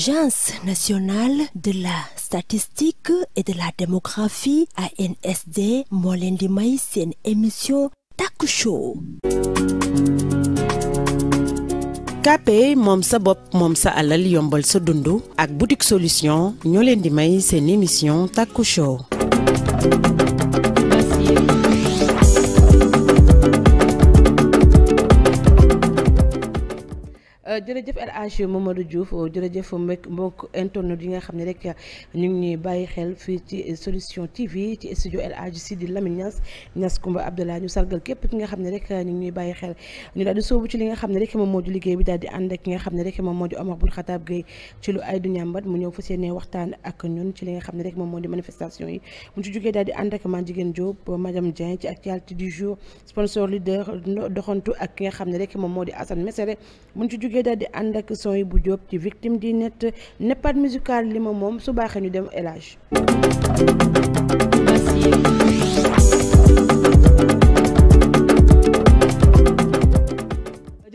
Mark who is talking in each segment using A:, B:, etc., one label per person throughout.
A: l'Agence nationale de la statistique et de la démographie ANSD moo leen di may seen émission Taku moom sa bopp moom sa alal yombal sa dund ak boutique solution ñoo leen di may seen émission Taku Show jërëjëf El Hadj Mamadou Diouf jërëjëf mbokk internet yi nga xam ne rek ñu ngi ñuy bàyyi xel fii ci solution TV ci studio El Hadj Sidi Lamine Niass Niass Koumba Abdallah ñu sargal képp ki nga xam ne rek ñu ngi ñuy bàyyi xel ñu daal di soobu ci li nga xam ne rek moom moo di liggéey bi daal di ànd ak ki nga xam ne moo di Omar Bun Xataab Gueye ci lu ay du ñàmbat mu ñëw fas yéene waxtaan ak ñun ci li nga xam ne rek moom moo di manifestation yi mu ci jógee daal di ànd ak maa jigéen Diop madame Dieng ci actualité du jour sponsor ak ki nga xam ne rek moom moo di Assane Mesere mu daal di ànd ak sony bu Diop ci victime di net neppaat musical li ma moom su baaxee dem élage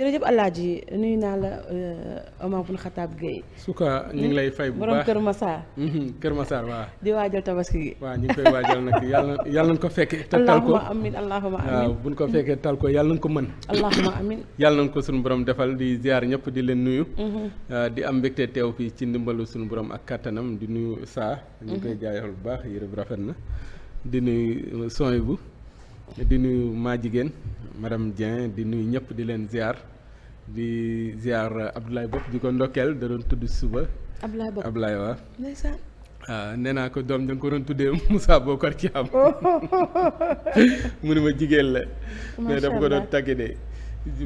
A: jërëjëf Alaaji nuyu naa la euh, Omar bun Xataab Gueye. suka ñu ngi lay fay bu baax borom Kër Massar.
B: Mhm, Kër Massar waaw.
A: di waajal tabaski gi. waaw ñu ngi
B: koy waajal nag yàlla yàlla nañu ko fekkee. te tal ko
A: allahuma amin bu ñu ko fekkee
B: tal ko yàlla nañu ko mën. allahuma amin yàlla nañu ko suñu borom defal di ziar ñëpp di leen nuyu. Mhm. Euh, di am mbégte teew fii ci ndimbalu suñu borom ak kattanam di nuyu saa. ñu koy mhm. jaayal bu baax yërëb rafet na. di nuyu euh, son bu di nuyu maa jigéen madame Dieng di nuyu ñëpp di leen ziar. di ziar Abdoulaye Bopp di ko ndokkeel da doon tudd suba. Abdoulaye Bopp Abdoulaye waaw. Ah, nee naa ko doom da ko doon tuddee Moussa Bokar Thiam. Oh. mu ne ma jigéen la.
C: mais daf ko doon
B: tàggee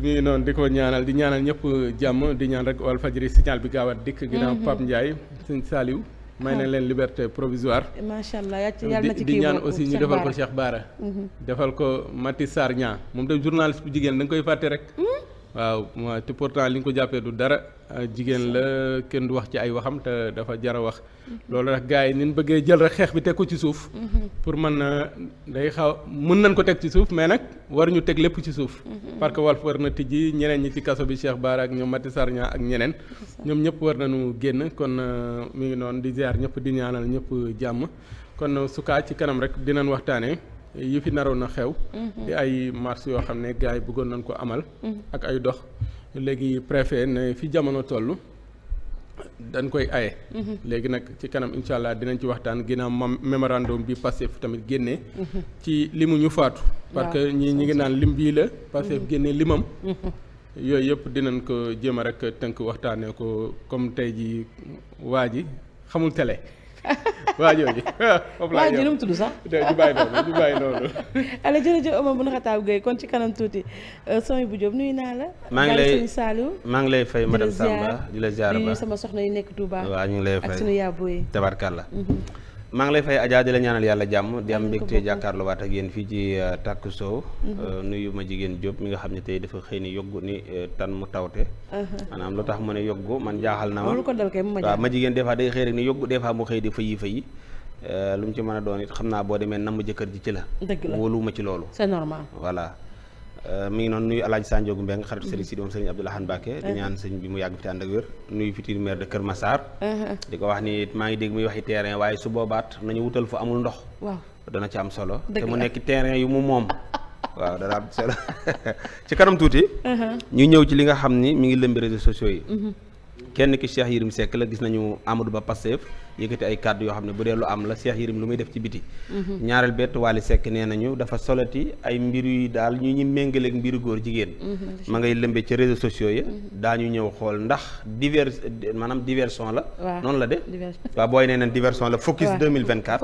B: mi noonu di ko ñaanal di ñaanal ñëpp jàmm di ñaan rek Walfadjri signal bi gaaw dikk. ginnaaw mhm. Pape Ndiaye sëñ Saliou. may nañ ah. leen liberté provisoire.
A: macha allah yàlla na di ñaan aussi ñu defal ko Cheikh
B: Bara. Mhm. defal ko Mati Sarr Niang moom tam journaliste bu jigéen da nga koy fàtte rek. Mhm. waaw ma te pourtant li nga ko jàppee du dara ah, jigéen la kenn du wax ci ay waxam te dafa jar a wax. Mm-hmm. loolu rek gars yi ni bëggee jël rek xeex bi teg ko ci suuf. Mm-hmm. pour mën na ah, day xaw mën nañ ko teg ci suuf mais nag waruñu teg lépp ci suuf. Mm-hmm. parce que Walf war na tijji ñeneen ñi ci kaso bi Cheikh Bara ak ñoom Mati Sarña ak ñeneen. ñoom ñëpp war nañu génn kon ah, mu ngi noonu di ziar ñëpp di ñaanal ñëpp jàmm kon su kaa ci kanam rek dinañ waxtaanee. yi fi naroon a xew. Mhm. di ay marche yoo xam ne gars yi bëggoon nañ ko amal. Mhm. ak ay dox léegi préfet ne fi jamono toll. dañ koy aye mhm. léegi nag ci kanam incha allah dinañ ci waxtaan ginnaaw mémorandum bi Pastef tamit génnee ci limu ñu faatu parce que ñii ñi ngi naan lim bii la Pastef génnee limam yooyu yëpp dinañ ko jéem a rek tënk waxtaanee ko comme tey ji waa ji xamul tele waa jooju foofu laa jooju nu tudd sax. ñu bàyyi noonu ñu bàyyi noonu.
A: alors jërëjëf Omar Boun Khatab Gueye kon ci kanam tuuti euh, sooy bu Diop nuyu naa la. maa ngi lay saalu
D: maa ngi lay fay madame Samba di la ziar ba
A: sama soxna yi nekk Touba.
D: waaw ñu ngi lay fay ak sunu yaaboo yi tabarkalla mhm. maa ngi lay fay Adja di la ñaanal yàlla jàmm di am mbégte jàkkaarloo waat ak yéen fii ci euh, Taku Show mhm. euh, nuyu ma jigéen Diop mi nga xam ne tey dafa xëy ni yoggu ni euh, tan mu tawte uh-huh. maanaam lu tax mu ne yoggu man jaaxal na ma
A: waaw ma
D: jigéen des fois day xëy rek ni yoggu des fois mu xëy di fayi fayi lu mu ci mën a doon it xam naa boo demee namm jëkkër ji ci la ma ci loolu c'est Euh, mi ngi noonu nuyu Alaaji Sanjoogu Mbeng xaritu sëriñ si moom sëriñ Abdou Lahad Mbacké uh-huh. ñaan sëñ bi mu yàgg fi ànd nuyu futur maire de Kër Massar uh-huh. di ko wax ni maa ngi dégg muy waxi terrain waaye su boobaat nañu wutal fu amul ndox waaw ci am solo te mu nekk terrain yi mu moom waaw dana am solo ci kanam tuuti uh-huh. ñu ñëw ci li nga xam ni mi ngi lëmbi réseaux sociaux yi kenn ki Cheikh Yérim Seck la gis nañu Amadou Ba Pastef yëkkati ay kàddu yoo xam ne bu dee lu am la Cheikh Yérim lu muy def ci biti mhm. ñaareel bett Wally Seck nee nañu dafa solati ay mbir yu daal ñu ñu méngaleeg mbiru góor jigéen mhm, ma ngay lëmbe ci réseaux sociaux yi mhm. daañu ñëw xool ndax diversion la noonu la de waaw booy nee nañ diversion la focus 2024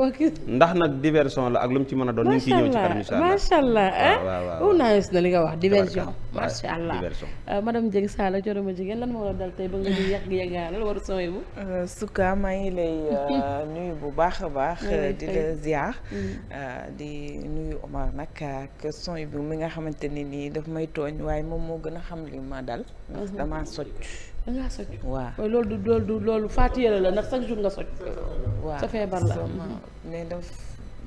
D: ndax nag diversion la ak lu mu ci mën a doon ñu ngi ciy ñëw ci kanam incha allah macha
A: allah li nga wax diversion macha allah euh, madame Dieng coro ma jigéen lan moo la dal tey ba nga ñu
E: yàgg yàggaalal waru sooy bu euh, suka Eh, nuyu bu baax a baax. di la ziar. Mm. Eh, di nuyu Omar nag ak son bi mi nga xamante ni nii daf may tooñ waaye moom moo gën a xam li ma dal. ndax uh-huh. damaa socc. da ngaa socc waaw loolu du loolu du loolu faat ndax chaque jour nga socc. waaw sa feebar la mais daf.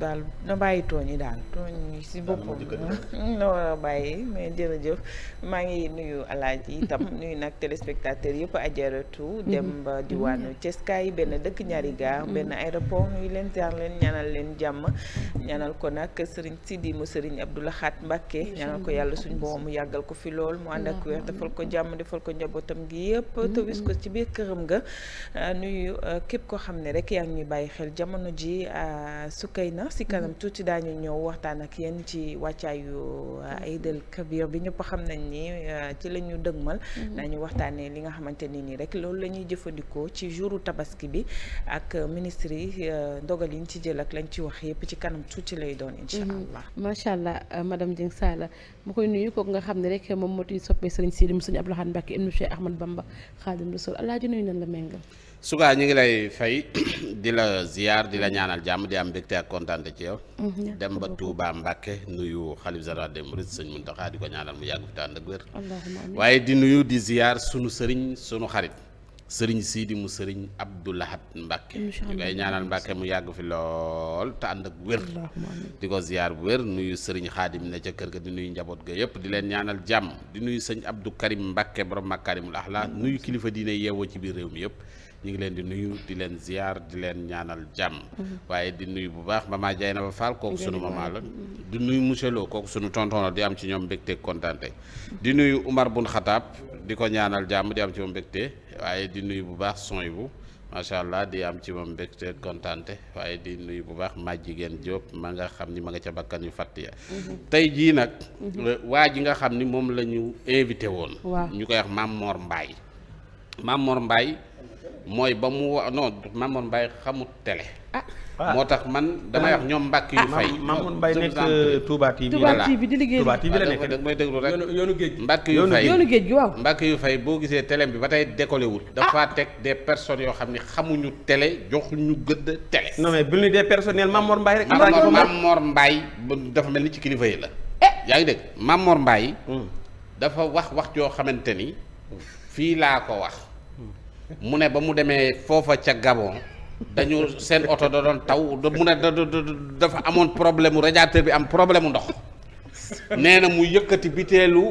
E: daal na bàyyi tooñ yi daal tooñ yi si boppam na war a bàyyi mais jërëjëf maa ngi nuyu alaaji itam nuyu nag téléspectateur yëpp ajaratu mhm. dem ba diwaanu mhm. yi benn dëkk ñaari gaar mhm. benn aéroport nuyu leen jaar leen ñaanal leen jàmm ñaanal ko nag sëriñ Sidi mu sëriñ Abdou Lahat Mbàkke ñaanal ko yàlla suñ boroom mu yàggal ko fi lool mu ànd ak wér defal ko jàmm defal ko njabootam gi yëpp te wis ko ci biir këram nga ah, nuyu ah, képp koo xam ne rek yaa ngi ñuy bàyyi xel jamono ji ah, Sukayna si kanam tuuti daañu ñëw waxtaan ak yéen ci wàccaayu euh, Aïd el Kabir bi ñëpp xam nañ ni euh, ci la ñu dëgmal mm-hmm. daañu waxtaanee li nga xamante ni nii rek loolu la ñuy jëfandikoo ci jouru tabaski bi ak euh, ministre yi ndogal yi ñu ci jël ak lañ ci wax yëpp ci kanam tuuti lay doon incha mm-hmm. allah
A: macha allah madame Dieng Sala mu koy nuyu kooku nga xam ne rek moom moo tuy soppee sëriñ Sidi Moussa Abdoul Ahad Mbacké ibnu Cheikh Ahmad Bamba Khadim Rasoul alaaji nuyu nan la méngal
F: Souga ñu ngi lay fay di la ziar di la ñaanal jàmm di am mbégte ak kontaante ci yow. Mm-hmm, dem ba Touba Mbacke nuyu xalif général des sëñ Mountakha di ko mu yàgg fi tànn ak waaye di nuyu di ziar sunu sunu xarit. sëriñ Sidi mu sëriñ Abdou Lahad Mbacke
C: ñu ñaanal
F: Mbacke mu yàgg fi lool ànd ak wér di ko ziyaar bu wér nuyu sëriñ xaadim ne ca kër ga di nuyu njaboot ga yëpp di leen ñaanal jàmm di nuyu sëñ Abdou Karim Mbacke borom Makarimul laa nuyu kilifa diine yeewoo ci biir réew mi yëpp ñu ngi leen di nuyu di leen ziar di leen ñaanal jàmm waaye di nuyu bu baax maman Dieynaba Fall kooku sunu maman la di nuyu monsieur Lo kooku suñu tonton la di am ci ñoom mbégte kontaante di nuyu Umar bun Xataab di ko ñaanal jàmm di am ci moom mbégte waaye di nuyu bu baax son bu macha allah di am ci moom mbégte kontaante waaye di nuyu bu baax ma jigéen Diop ma nga xam ni ma nga ca bakkan yu fàtt ya mhm. tey jii nag mhm. waa ji nga xam ni moom la ñu invité woon ñu koy wax Mamor mbaay Mamor mbaay mooy ba mu wa non Mamoun Mbaye xamut télé. ah, ah. moo tax man damay wax ñoom mbàkk yu ah, fay. Mamoun Mbaye nekk euh, Touba TV. Touba TV
A: di liggéey Touba TV la nekk
F: nag mooy déglu rek yoonu géej mbàkk yu fay gi waaw. mbàkk yu fay boo gisee télé bi ba tey décollé wul. Ah. dafa teg des personnes yoo xam ne xamuñu télé joxuñu gëdd télé. non mais bu ñu dee personnel Mamour Mbaye rek. Mamour Mamour Mbaye dafa mel ni ci kilifa yi la. Eh. yaa ngi dégg Mamour mbaay hmm. dafa wax wax yoo xamante ni fii laa ko wax. mu ne ba mu demee foofa ca Gabon dañu seen oto da doon taw mu ne da dafa amoon problème mu radiateur bi am problème mu ndox nee na mu yëkkati biteelu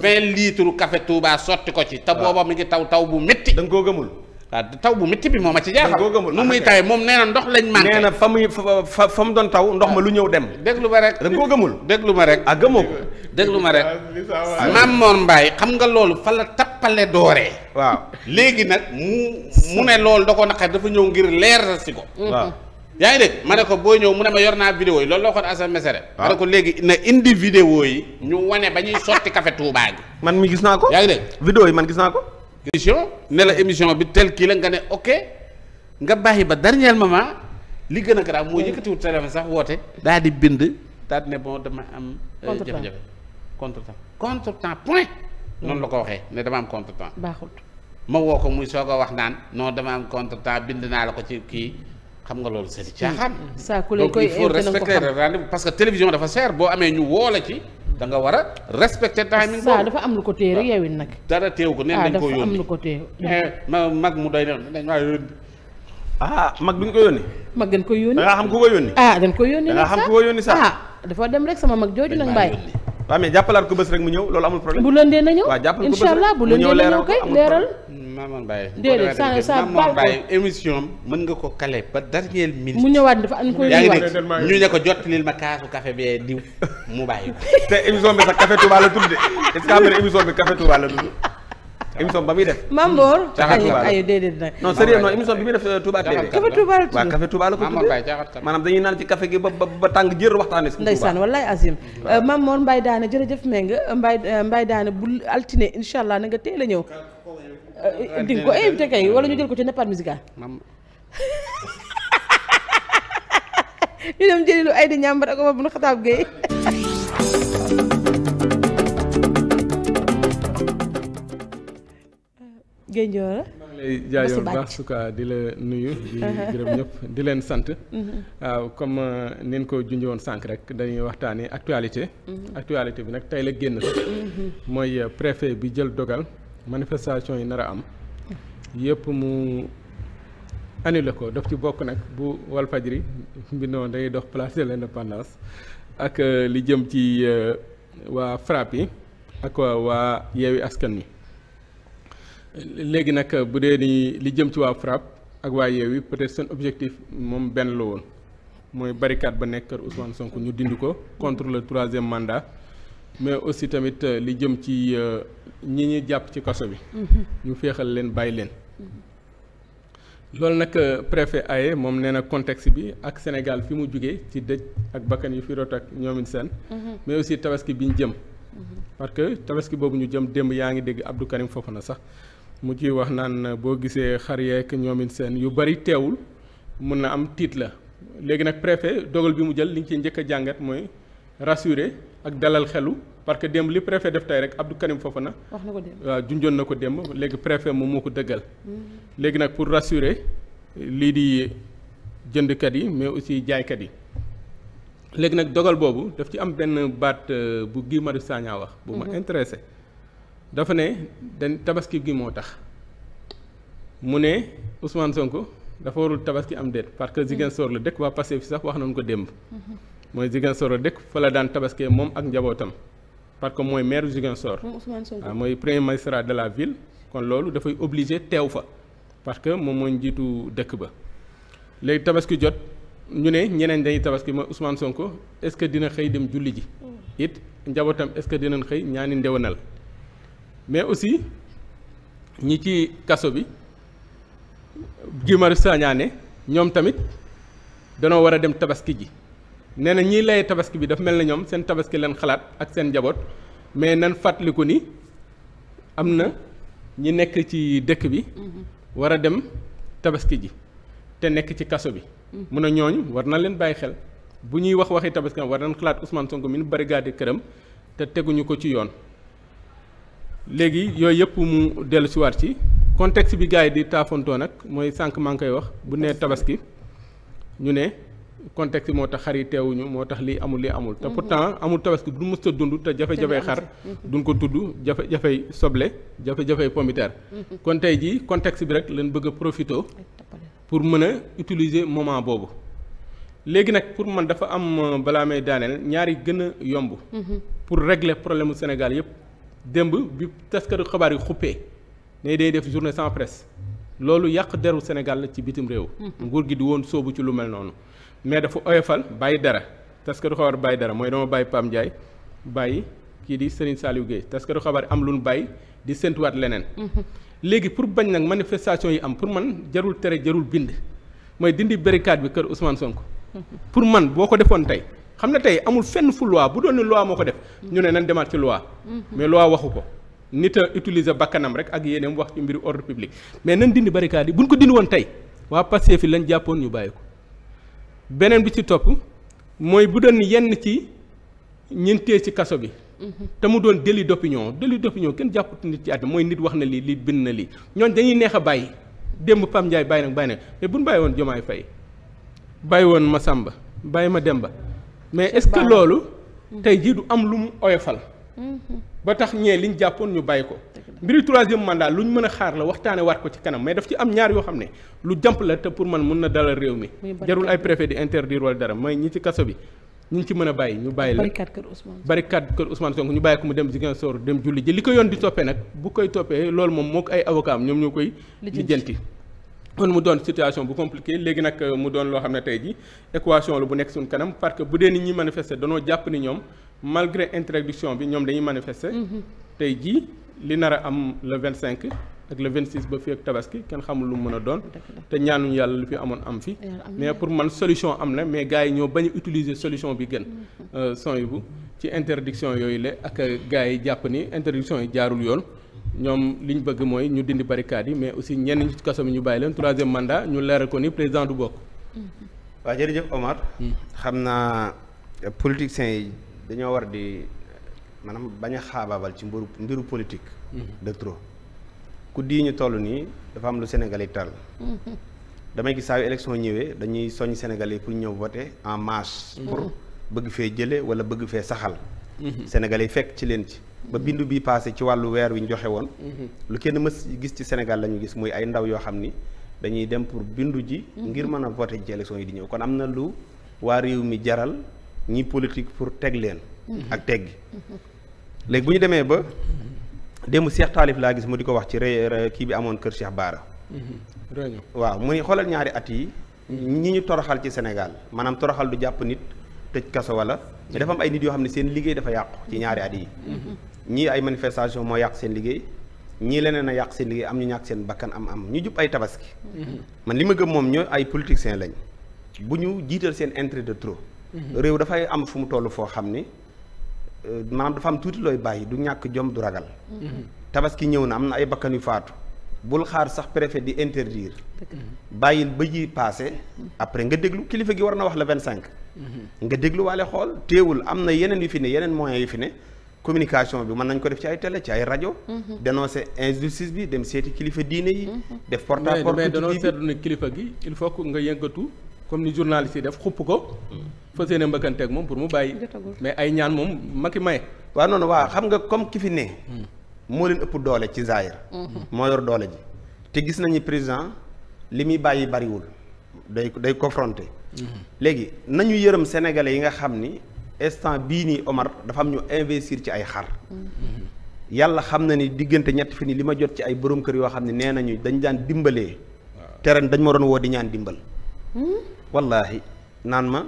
F: vingt litres café Touba sotti ko ci te ah. booba mi ngi taw taw bu métti da nga koo gëmul taw bu mu bi moo ma ci jaaxal nu muy ah, tawee moom nee na ndox lañ manqué nee na fa muy fa fa mu doon taw ndox ma lu ñëw dem déglu ma rek da nga koo gëmul déglu ma rek a ah, gëmoo ko lu ma rek ah, Maam mbaay xam nga loolu fa la tappale dooree waaw léegi nag mu mu ne loolu da ko naqar dafa ñëw ngir leer si ko mm-hmm. waaw yaa ngi dégg ma ne ko boo ñëw mu ne ma yor naa vidéo yi loolu loo xoon Assane Mesere ma ko léegi na indi vidéo yi ñu wane ba ñuy sotti café Touba gi man mi gis naa ko yaa ngi yi man gis naa ko émission ne la émission bi tel kii la nga ne ok nga bàyyi ba dernier moment li gën a garaaw moo yëkkatiwul téléphone sax woote daal di bind daal di ne bon dama am euh, jafe-jafe contre temps contre temps point noonu la ko waxee ne dama am contre temps baaxul ma woo ko muy soog a wax naan non dama am contre bind naa la ko ci kii xam nga loolu c'est di caaxaan
A: hmm. donc il
F: parce que télévision dafa cher boo amee ñu woo la ci danga war a respecter timing boobu dafa
A: am lu ko téye rek yeewin nag
F: dara téew ko neen dañ ko yónni dafa am lu
A: ko téye eh,
F: ma mag mu doy ne dañ waa yónni ah mag ñu ko
D: yónni
A: mag dañ ko yónni da nga xam ku ko yónni ah dañ ko yónni da xam ku ko yónni sax ah dafa dem rek sama mag jooju nag mbaay
D: waaw mais jàppalaat ko bés rek mu ñëw loolu amul problème bu lëndee na ñëw jàppal ko bés inshallah bu lëndee na ñëw kay leeral Mamour Mbaye. déedéet sa sa Mamour Mbaye émission mën nga ko kale ba dernière minute. mu
A: ñëwaat dafa am ko ñëwaat ñu ne ko
D: jottalil ma kaasu café bee diw mu bàyyi te émission bi sax café Touba la tudd est-ce am na émission bi café Touba la tudd. émission ba muy def. Mamboor. caaxaan tubaab ay
A: bi
D: muy def euh, Touba TV. café Touba la tudd waaw café Touba la ko tudd. maanaam dañuy naan ci café gi ba ba tàng jër waxtaanee. suñu Touba ndeysaan wallaay
A: Azim. Euh, Mamboor Mbaye Daane jërëjëf Mbengue euh, Mbaye Mbaye Daane bu altine incha allah na nga a ñëw. Euh, di nga ko invité kay wala ñu jël ko ci Nepad musical. ñu dem jëli lu ay di lay jaayoon baax
B: su di la nuyu di gërëm ñëpp di leen sant mhm. waaw comme euh, nin ko junj woon sànq rek dañuy waxtaanee actualité mhm. actualité bi nag tey la génn sax mhm. mooy euh, préfet bi jël dogal manifestation yi nar a am yëpp mu annulé ko daf ci bokk nag bu Walfadjri mbindoo day dox place de l'indépendance ak euh, li jëm ci euh, waa FRAPP yi ak waa Yewwi Askan Wi léegi nag bu dee ni li jëm ci waa FRAPP ak waa Yewwi peut-être seen objectif moom benn la woon mooy barricade ba nekk kër Ousmane Sonko ñu dindi ko contre le troisième mandat mais aussi tamit euh, li jëm ci euh, ñi ñuy jàpp ci kaso bi. Mm-hmm. ñu féexal leen bàyyi leen. loolu nag euh, préfet aye moom nee na contexte bi ak Sénégal fi mu jugee ci dëj ak bakkan yu fi rot ak ñoomin seen. Mm-hmm. mais aussi tabaski bi ñu jëm. Mm-hmm. parce que tabaski boobu ñu jëm démb yaa ngi dégg Abdou Karim Fofana sax mu ci wax naan boo gisee xar yeeg ñoomin seen yu bari teewul mun na am tiit la léegi nag préfet dogal bi mu jël liñ ci njëkk a jàngat mooy rassurer ak dalal xelu. parce que démb li préfet def tey rek Abdou Karim Fofana. wax na ko junjoon na ko démb léegi préfet moom moo ko dëggal. Mm. léegi nag pour rassurer lii di jëndkat yi mais aussi jaaykat yi. léegi nag dogal boobu daf ci am benn baat euh, bu Guy Marius Sagna wax. bu ma mm-hmm. intéressé dafa ne dañ tabaski gi moo tax. mu ne Ousmane Sonko dafa warul tabaski am déet parce que mm. Ziguinchor la dëkk waa Pastef fi sax wax nañu ko démb. Mm-hmm. mooy Ziguinchor la dëkk fa la daan tabaskee moom ak njabootam. parce que mooy maire Ziguinchor. waaw ah, mooy premier magistrat de la ville. kon loolu dafay obligé teew fa parce que moom mooy njiitu dëkk ba léegi tabaski jot ñu ne ñeneen dañuy tabaski mooy Ousmane Sonko est-ce que dina xëy dem julli ji. Mm. it njabootam est-ce que dinañ xëy ñaani ndewanal mais aussi ñi ci kaso bi Guy Marius ñoom tamit danoo war a dem tabaski ji. nee na ñiy lay tabaski bi dafa mel na ñoom seen tabaski leen xalaat ak seen njaboot mais nan fàttaliku ni am na ñi nekk ci dëkk bi war a dem tabaski ji te nekk ci kaso bi mun a ñooñ war na leen bàyyi xel bu ñuy wax waxi tabaski war na xalaat Ousmane Sonko bari nu di këram te teguñu ko ci yoon léegi yooyu yëpp mu dellu si waat ci contexte bi gars yi di taafontoo nag mooy sànq maa ngi koy wax bu nee tabaski ñu ne contexte moo tax xar yi teewuñu moo tax lii amul lii amul. te mhm. pourtant amul tabaski bu mu a dund te jafe-jafey xar. Mhm. duñ ko tudd jafe-jafey soble jafe-jafey pomiteer. Mhm. kon tey jii contexte bi rek lañ bëgg a profité. pour mën a utiliser moment boobu. léegi nag pour man dafa am euh, balaa may daaneel ñaari gën a yomb. pour régler problème mu Sénégal yëpp. démb bi taskatu xabaar yi xuppee ne day def journée sans presse loolu yàq deru Sénégal la ci bitim réew. nguur gi di woon soobu ci lu mel noonu. mais dafa oyofal bàyyi dara parce que du xabar bàyyi dara mooy dama bàyyi Pam Ndiaye bàyyi kii di Serigne Saliou Guèye parce que du xabar am lu nu bàyyi di séntuwaat leneen. Mm-hmm. léegi pour bañ nag manifestation yi am pour man jarul tere jarul bind mooy dindi barricade bi kër Ousmane Sonko. Mm-hmm. pour man boo ko defoon tey xam ne tey amul fenn fu loi bu doon ne loi moo ko def. Mm-hmm. ñu ne nan demaat ci loi. mais loi waxu ko. nit a utiliser bakkanam rek ak yéeneem wax ci mbiru ordre public mais nan dindi barricade yi buñ ko dindi woon tey waa Pastef jàppoon ñu bàyyi ko. beneen bi ci topp mooy bu doon yenn ci ñeentee ci kaso bi. te mu doon délit d'opinion délit d'opinion kenn jàpput nit ci àddina mooy nit wax na lii lii bind na lii ñooñu dañuy neex a bàyyi démb Pam Ndiaye bàyyi nag bàyyi nag mais bu ñu bàyyi woon Jomaay Fay bàyyi woon ma Samba bàyyi ma dem ba mais est-ce que loolu. Mm-hmm. tey jii du am lu mu oyofal. Mm-hmm. ba tax ñee liñ jàppoon ñu bàyyi ko. mbiri troisième mandat lu ñu mën a xaar la waxtaane waat ko ci kanam mais daf ci am ñaar yoo xam ne lu jàmp la te pour man mun na dalal réew mi jarul ay préfet di interdire dara mooy ñi ci kaso bi ñu ci mën a bàyyi ñu bàyyi la
A: barricade
B: kër Ousmane Sonko ñu bàyyi ko mu dem Ziguinchor dem julli ji li ko yoon di toppee nag bu koy toppee loolu moom moo ko ay avocat am ñoom ñoo koy lijjanti kon mu doon situation bu compliqué léegi nag euh, mu doon loo xam ne tey ji équation la bu nekk suñ kanam parce que bu dee nit ñi manifester jàpp ni ñoom malgré interdiction bi ñoom dañuy manifester mm-hmm. tey jii li nar a am le vingt cinq ak le vingt six ba fi ak tabaski kenn xamul lu mu mën a doon. te ñaanuñu yàlla lu fi amoon am fi. mais pour man solution am na mais gars yi ñoo bañ a solution bi gën. Mm-hmm. Euh, son bu ci interdiction yooyu le ak gars yi jàpp ni interdiction yi jaarul yoon. ñoom li ñu bëgg mooy ñu dindi barricade yi mais aussi ñenn ñi ci kaso mi ñu bàyyi leen troisième mandat ñu leeral ko ni président du bokk. Mm-hmm. waaw jërëjëf Omar. Mm-hmm. xam naa politiciens yi dañoo war di.
D: maanaam bañ a xaabaabal ci mbiru mbiru politique. Mm-hmm. de trop ku dii ñu toll nii dafa am lu Sénégal yi tal mm-hmm. damay gis saa yu ñëwee dañuy soññ Sénégal yi pour ñëw voter en masse. Mm-hmm. pour bëgg fee jële wala bëgg fee saxal. Sénégal yi fekk ci leen ci. ba bindu bi passé ci wàllu weer wi ñu joxe woon. lu kenn mës gis ci Sénégal la gis muy ay ndaw yoo xam ni dañuy dem pour bindu ji. ngir mën a voter ci élection yi di ñëw kon am na lu waa réew mi jaral ñi politique pour teg leen. ak teggi léegi bu ñu demee ba démb Cheikh Taalif laa gis mu di ko wax ci ré kii bi amoon kër Cheikh Baara.
B: Mm-hmm.
D: waaw mu ni xoolal ñaari at yi ñi ñu toroxal ci Sénégal maanaam toroxal du jàpp nit tëj kaso wala mais dafa ay nit yoo xam ne seen liggéey dafa yàqu ci ñaari at yi mm-hmm. ñii ay manifestation moo yàq seen liggéey ñii leneen a yàq seen liggéey am ñu ñàkk seen bakkan am am ñu jub ay tabaski mm-hmm. man li ma gëm moom ñoo ay politiciens lañ bu ñu jiital seen intérêt de trop réew dafay am fu mu toll foo xam ni Euh, maanaam dafa am tuuti looy bàyyi du ñàkk jom du ragal. Mm-hmm. tabaski ñëw na am na ay bakkan yu faatu. bul xaar sax préfet di interdire. bàyyil ba ji passé. après nga déglu kilifa gi war na wax le vingt cinq.
C: Mm-hmm.
D: nga déglu waale xool téewul am na yeneen yu fi ne yeneen moyens yu fi ne. communication bi mën nañ ko def ci ay tele ci ay rajo. Mm-hmm. dénoncer injustice bi dem
B: seeti kilifa diine yi.
D: def porte à porte mais danoo seetlu
B: ne kilifa gi il faut que nga yëngatu. comme ni journaliste yi def xupp ko. fas yéene mbëkkanteeg moom pour mu bàyyi. mais ay ñaan moom ma ki maye. waaw noonu waa xam nga comme ki fi ne. Hmm. moo leen ëpp doole ci Zaire. Hmm. moo
D: yor doole ji. te gis nañu président li muy bàyyi bariwul day day confronté. Hmm. léegi nañu yërëm sénégalais yi nga xam ni instant bii nii Omar dafa am ñu investir ci ay xar. yàlla xam na ni diggante ñetti fi ni li ma jot ci ay borom kër yoo xam ne nee nañu dañ daan dimbalee. te ren dañ woo di ñaan dimbal. wallaahi naan ma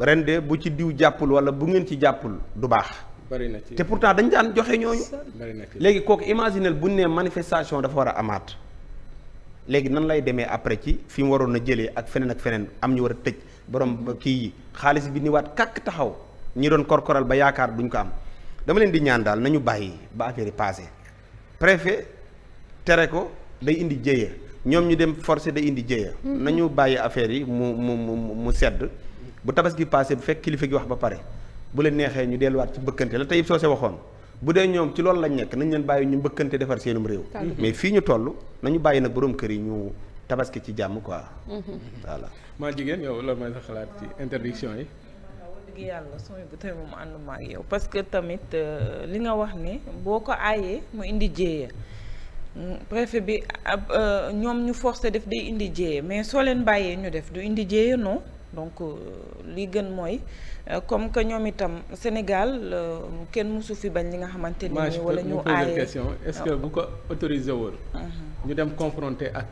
D: ren de bu ci diw jàppul wala bu ngeen ci jàppul du baax.
B: bari na te pourtant dañ daan joxe ñooñu. bari léegi
D: kooku imaginer bu ñu nee manifestation dafa war a amaat. léegi nan lay demee après ci fi mu waroon a jëlee ak feneen ak feneen am ñu war a tëj borom ba kii yi xaalis bi ni waat kàkk taxaw ñi doon korkoral ba yaakaar duñ ko am dama leen di ñaan daal nañu bàyyi ba affaire yi passé tere ko day indi jéye ñoom ñu dem forcé da indi jéeya mm-hmm. nañu bàyyi affaire yi mu mu mu mu sedd bu tabaski passé bu fekk kilifa gi wax ba pare bu leen neexee ñu delluwaat ci mbëkkante la tey soo see waxoon bu dee ñoom ci loolu lañ nekk nañ leen bàyyi ñu mbëkkante defar seenum réew mais fii ñu toll nañu bàyyi nag borom kër yi ñu tabaski ci jàmm quoi mm-hmm. voilà maa
B: jigéen yow loolu mooy sa xalaat ci interdiction yi
E: dëgg yàlla sooy bu tey moom ànduma yow parce que tamit euh, li nga wax ne boo ko aayee mu indi jéeya préfet bi ab euh, ñoom ñu force def day indi jéye mais soo leen bàyyee ñu def du indi jéye non donc euh, li gën mooy euh, comme que ñoom itam Sénégal kenn mosu fi bañ li nga xamante ni wala ñu aaye est ah.
B: bu ko autorisé woon mhm. ñu dem confronter ak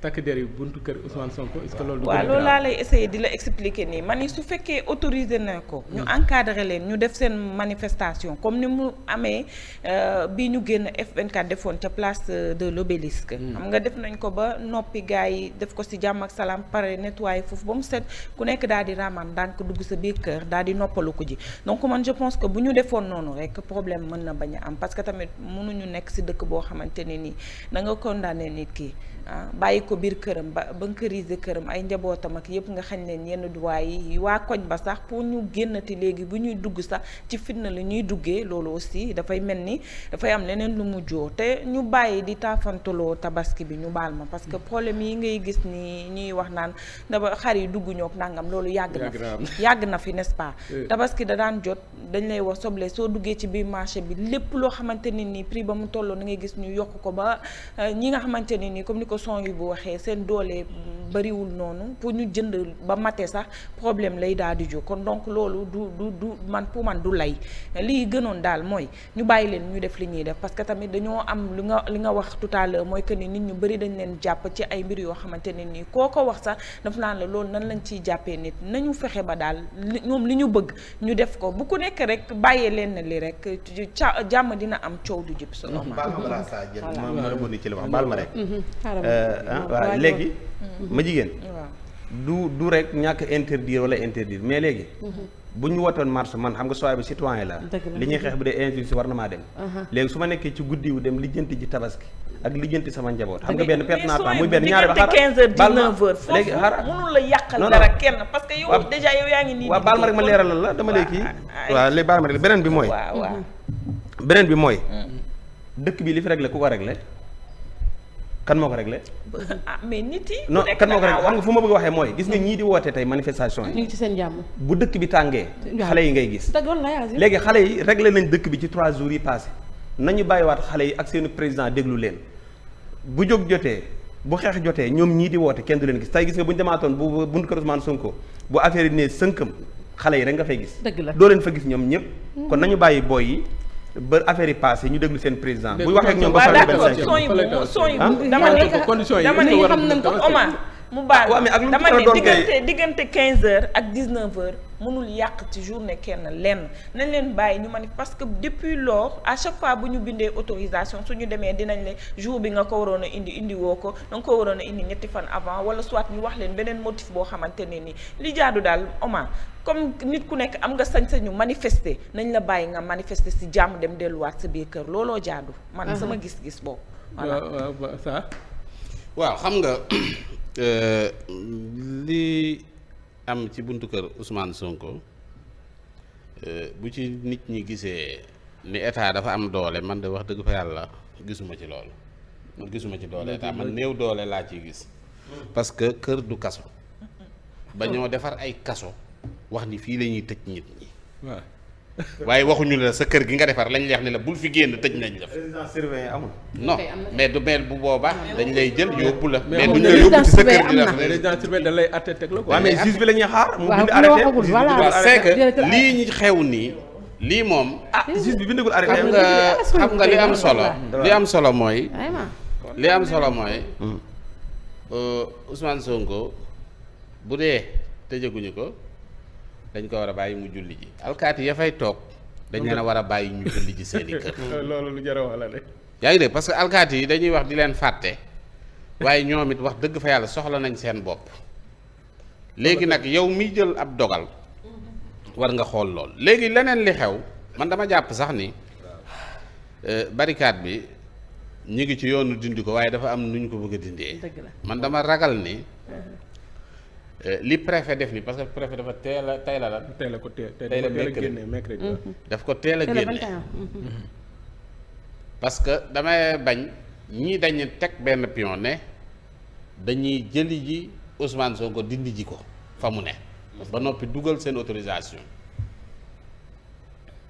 B: takk der yi buntu kër Ousmane Sonko est loolu. waaw loolu laa
E: lay essayer di la expliquer nii man ni su fekkee autorisé na ko. ñu hmm. encadré leen ñu def seen manifestation comme ni mu amee euh, bi ñu génn F24 defoon ca place euh, de l'obélisque. Hmm. xam nga def nañ ko ba noppi gaa yi def ko si jàmm ak salaam pare nettoyer foofu ba mu set ku nekk daal di raamaan ndànk dugg sa biir kër daal di noppalu ko ji donc man je pense que bu ñu defoon noonu rek problème mën na bañ am parce que tamit mënuñu nekk si dëkk boo xamante ne nii da nga condamné nit ki. ah bàyyi ko biir këram ba bancariser këram ay njabootam ak yëpp nga xañ leen yenn droit yi waa koñ ba sax pour ñu génnati léegi bu ñuy dugg sax ci fitna la ñuy duggee loolu aussi dafay mel ni dafay am leneen lu mu te ñu bàyyi di taafantaloo tabaski bi ñu baal ma parce que problème yi ngay gis ni ñuy wax naan daba xar yi dugg ñook nangam loolu yàgg na fi yàgg na fi n'est-ce pas tabaski da daan jot dañ lay wax soble soo duggee ci biir marché bi lépp loo xamante ne ni prix ba mu tolloo na ngay gis ñu yokk ko ba euh, ñi nga xamante ne ni comme ni ko ko son yi bu waxee seen doolee bariwul noonu pour ñu jënd ba mate sax problème lay daal di jóg kon donc loolu du du du man pour man du lay lii gënoon daal mooy ñu bàyyi leen ñu def li ñuy def parce que tamit dañoo am li nga li nga wax tout mooy que ni nit ñu bëri dañ leen jàpp ci ay mbir yoo xamante ne nii koo ko wax sax daf naa la loolu nan lañ ciy jàppee nit nañu fexe ba daal ñoom li ñu bëgg ñu def ko bu ku nekk rek bàyyee leen na li rek ca jàmm dina am coow du jib. solo
D: baal ma Euh, waaw léegi mm-hmm. ma jigéen du du rek ñàkk interdire wala interdire mais léegi
C: mm-hmm.
D: bu ñu wootoon marche man xam nga sooy bi citoyen la li ñuy xeex bi dee injustice war na maa dem uh-huh. léegi su ma nekkee ci guddi wu dem lijjanti ji tabaski ak lijjanti sama njaboot xam nga benn perte naa temps muy benn ñaari ba xaaral quinze heures dix-neuf heures foofu mënul
E: la yàqal kenn parce que yow déjà yow yaa ngi nii waaw baal ma rek ma leeralal la dama léegi
D: waaw léegi baal ma rek beneen bi mooy beneen bi mooy mm. dëkk bi li fi réglé ku ko réglé kan moo ko réglé.
E: ah mais nit yi. non kan moo ko réglé xam
D: nga fu ma bëgg waxee mooy. gis nga ñii di woote tey manifestation yi. seen jàmm. bu dëkk bi tàngee. xale yi ngay gis.
A: léegi xale yi
D: regle nañ dëkk bi ci trois jours yi passé nañu bàyyiwaat xale yi ak seenu président déglu leen bu jóg jotee bu xeex jotee ñoom ñii di woote kenn du leen gis tey gis nga bu ñu demaatoon bu bunt kër Ousmane Sonko bu affaire yi ne xale yi rek nga fay gis. dëgg la doo leen fa gis ñoom ñëpp mm. kon nañu bàyyi booy yi ba affaire yi passé ñu déglu seen président. bu waxee ak ñoom ba pare benn cinq
E: yi dama ne xam nañ ko Omar mu baal ah, dama ne diggante diggante 15 heures ak 19 heures mënul yàq ci journée kenn lenn nañ leen bàyyi ñu manif parce que depuis lors à chaque fois bu ñu bindee autorisation su ñu demee dinañ ne jour bi nga ko waroon a indi indi woo ko da nga ko waroon a indi ñetti fan avant wala soit ñu wax leen beneen motif boo xamante ne ni li jaadu daal Omar comme nit ku nekk am nga sañ-sañu manifester nañ la bàyyi nga manifester si jàmm dem delluwaat sa biir kër looloo jaadu. man mhm. sama gis-gis boobu. voilà
B: waaw xam
F: nga euh, li am ci buntu kër Ousmane Sonko euh, bu ci nit ñi gisee ni état dafa am doole man de wax dëgg fa yàlla gisuma ci loolu man gisuma ci doole état man néew doole laa ciy gis. Mhm. parce que kër du kaso. ba ñoo defar ay kaso. wax ni fii la ñuy tëj nit ñi. waaye waxuñu la sa kër gi nga defar lañ lay wax ne la bul fi génn tëj nañ la fa.
D: résidence surveillée mais
F: du
B: mel bu boobaa dañ lay jël yóbbu la. mais duñ la yóbbu ci sa kër gi la mais résidence surveillée lay àtte teg la quoi. waaw mais juge
F: la ñuy xaar. mu bind arrêté waaw c'est que lii ñu xew nii. lii moom.
D: ah juge bi bindagul arrêté. xam nga xam nga li am solo. li am solo mooy.
F: li am solo mooy. Hmm. Euh, Ousmane Sonko bu dee tëjaguñu ko. dañ ko war a bàyyi mu julli ji alkaati ya fay toog dañ leen a war a bàyyi ñu julli ji seen
B: kër loolu lu jar a wax la de
F: yaa ngi dégg parce que alkaati yi dañuy wax di leen fàtte waaye ñoom it wax dëgg fa yàlla soxla nañ seen bopp léegi nag yow miy jël ab dogal war nga xool lool léegi leneen li xew man dama jàpp sax ni eh, barricade bi ñu ngi ci yoonu dindi ko waaye dafa am nu ñu ko bëgg a dindee man dama ragal ni Euh, li préfet def ni parce que préfet dafa teel a tey la lan. tey la ko teel génne mercredi mm-hmm. ko teel a génne
C: mm-hmm.
F: parce que damay bañ ñii dañu teg benn pion ne dañuy jëli ji Ousmane Sonko dindi ji ko fa mu ne. ba noppi dugal seen autorisation.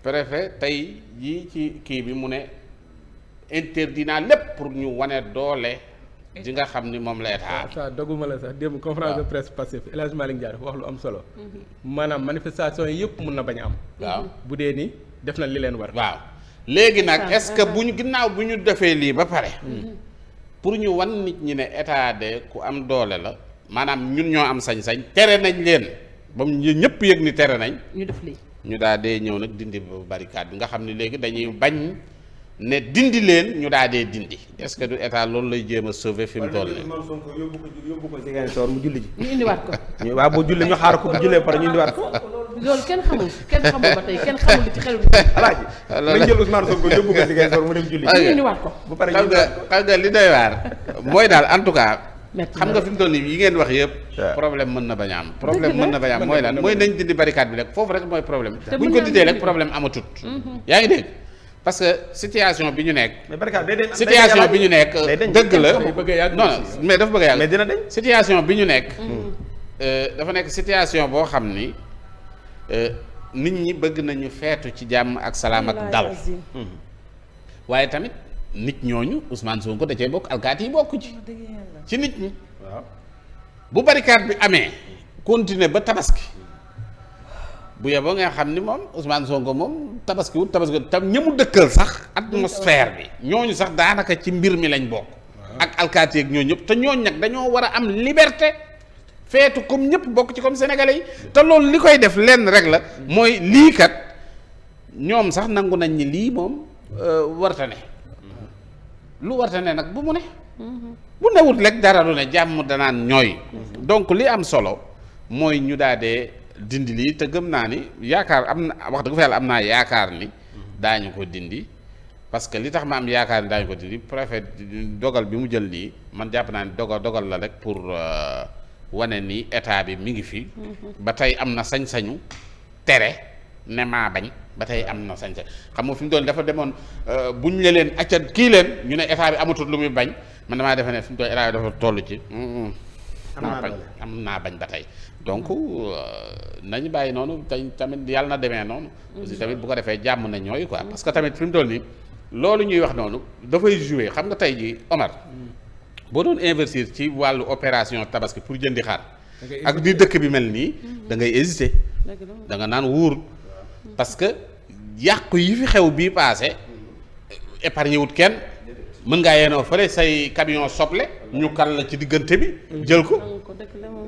F: préfet tey jii ci kii bi mu ne interdit lépp pour ñu wane
B: doole. di nga xam ni moom la état. Ah, waaw doguma la sax démb conférence de presse passée fi El Hadj Malick wax lu am solo. Mhm. maanaam manifestation yi yëpp mun na bañ am. waaw bu dee nii def na li leen war. waaw léegi nag est-ce que bu ñu ginnaaw bu ñu defee lii ba pare. Mhm.
F: pour ñu wan nit ñi ne état de ku am doole la maanaam ñun ñoo am sañ-sañ tere nañ leen ba mu ñëpp yëg ni tere nañ. ñu def lii ñu daal dee ñëw nag dindi barricade bi nga xam ne léegi dañuy bañ. ne dindi leen ñu daal dee dindi est que du état loolu lay jéem a sauver fi mu toll nii.
D: yóbbu ko Ziguinchor mu julli ji. ñu indiwaat ko. ñu julli ñu xaar ko bu ñu indiwaat ko.
A: loolu kenn xamul
D: mu dem julli. ñu indiwaat ko bu pare ñu indiwaat ko xam nga li
F: doy daal en tout cas. xam nga fi mu toll nii yi ngeen wax yëpp problème mën na bañ am problème mën na bañ a am mooy lan mooy nañ dindi barricade bi rek foofu rek mooy problème buñ ko dindee rek problème amatut mhm. yaa ngi dégg parce que situation bi ñu nekk. mais barka
D: day bi ñu
F: nekk. dëgg la non mais dafa bëgg a yàgg. mais dina dañ situation bi ñu nekk. Mm. Euh, dafa nekk situation boo xam ni euh, nit ñi bëgg nañu feetu ci jàmm ak salaam ak dal. Mm. waaye tamit nit ñooñu Ousmane ko da cee bokk alkaati yi bokk ci. Oh, ci nit ñi. waaw bu barikaat bi amee. continuer ba tabaski. bu yeboo nga xam ni moom Ousmane Sonko moom tabaski wut tabaski tam ñëmu dëkkal sax atmosphère bi ñooñu sax daanaka ci mbir mi lañ bokk ak alkaati ak ñooñu ñëpp te ñooñ nag dañoo war a am liberté feetu comme ñëpp bokk ci comme sénégalais yi te loolu li koy def lenn rek la mooy lii kat ñoom sax nangu nañ ni lii moom euh, warta ne lu warta ne nag bu mu ne mm-hmm. bu newut rek dara du ne jàmm danaan ñooy mm-hmm. donc li am solo mooy ñu daadee dindi lii te gëm naa ni yaakaar am na wax dëgg fa yàlla am naa yaakaar ni daañu ko dindi parce que li tax ma am yaakaar ni daañu ko dindi préfet dogal bi mu jël nii man jàpp naa ni dogal dogal la rek pour euh, wane ni état bi mi ngi fi.
C: Mm-hmm. ba
F: tey am na sañ-sañu tere ne maa bañ ba tey am na sañ-sañ xam nga fi mu doon dafa demoon bu ñu le leen acca kii leen ñu ne état bi amatul lu muy bañ man damaa defe ne fi mu doon état bi dafa toll ci. am naa bañ ba tey donc euh, nañ bàyyi noonu tey tamit yàlla na demee noonu mm-hmm. aussi tamit bu ko defee jàmm na ñooyu ko parce que tamit fi mu toll nii loolu ñuy wax noonu dafay jouer xam nga tey ji Omar mm. boo doon investir ci wàllu opération tabaski pour jëndi xaar ak ni dëkk bi mel nii mm-hmm. da ngay hésiter da naan wóor mm-hmm. parce que yàqu yi fi xew bii paase épargne wut kenn mën ngaa yeenoo fële say camion soble ñu kal la ci diggante bi jël ko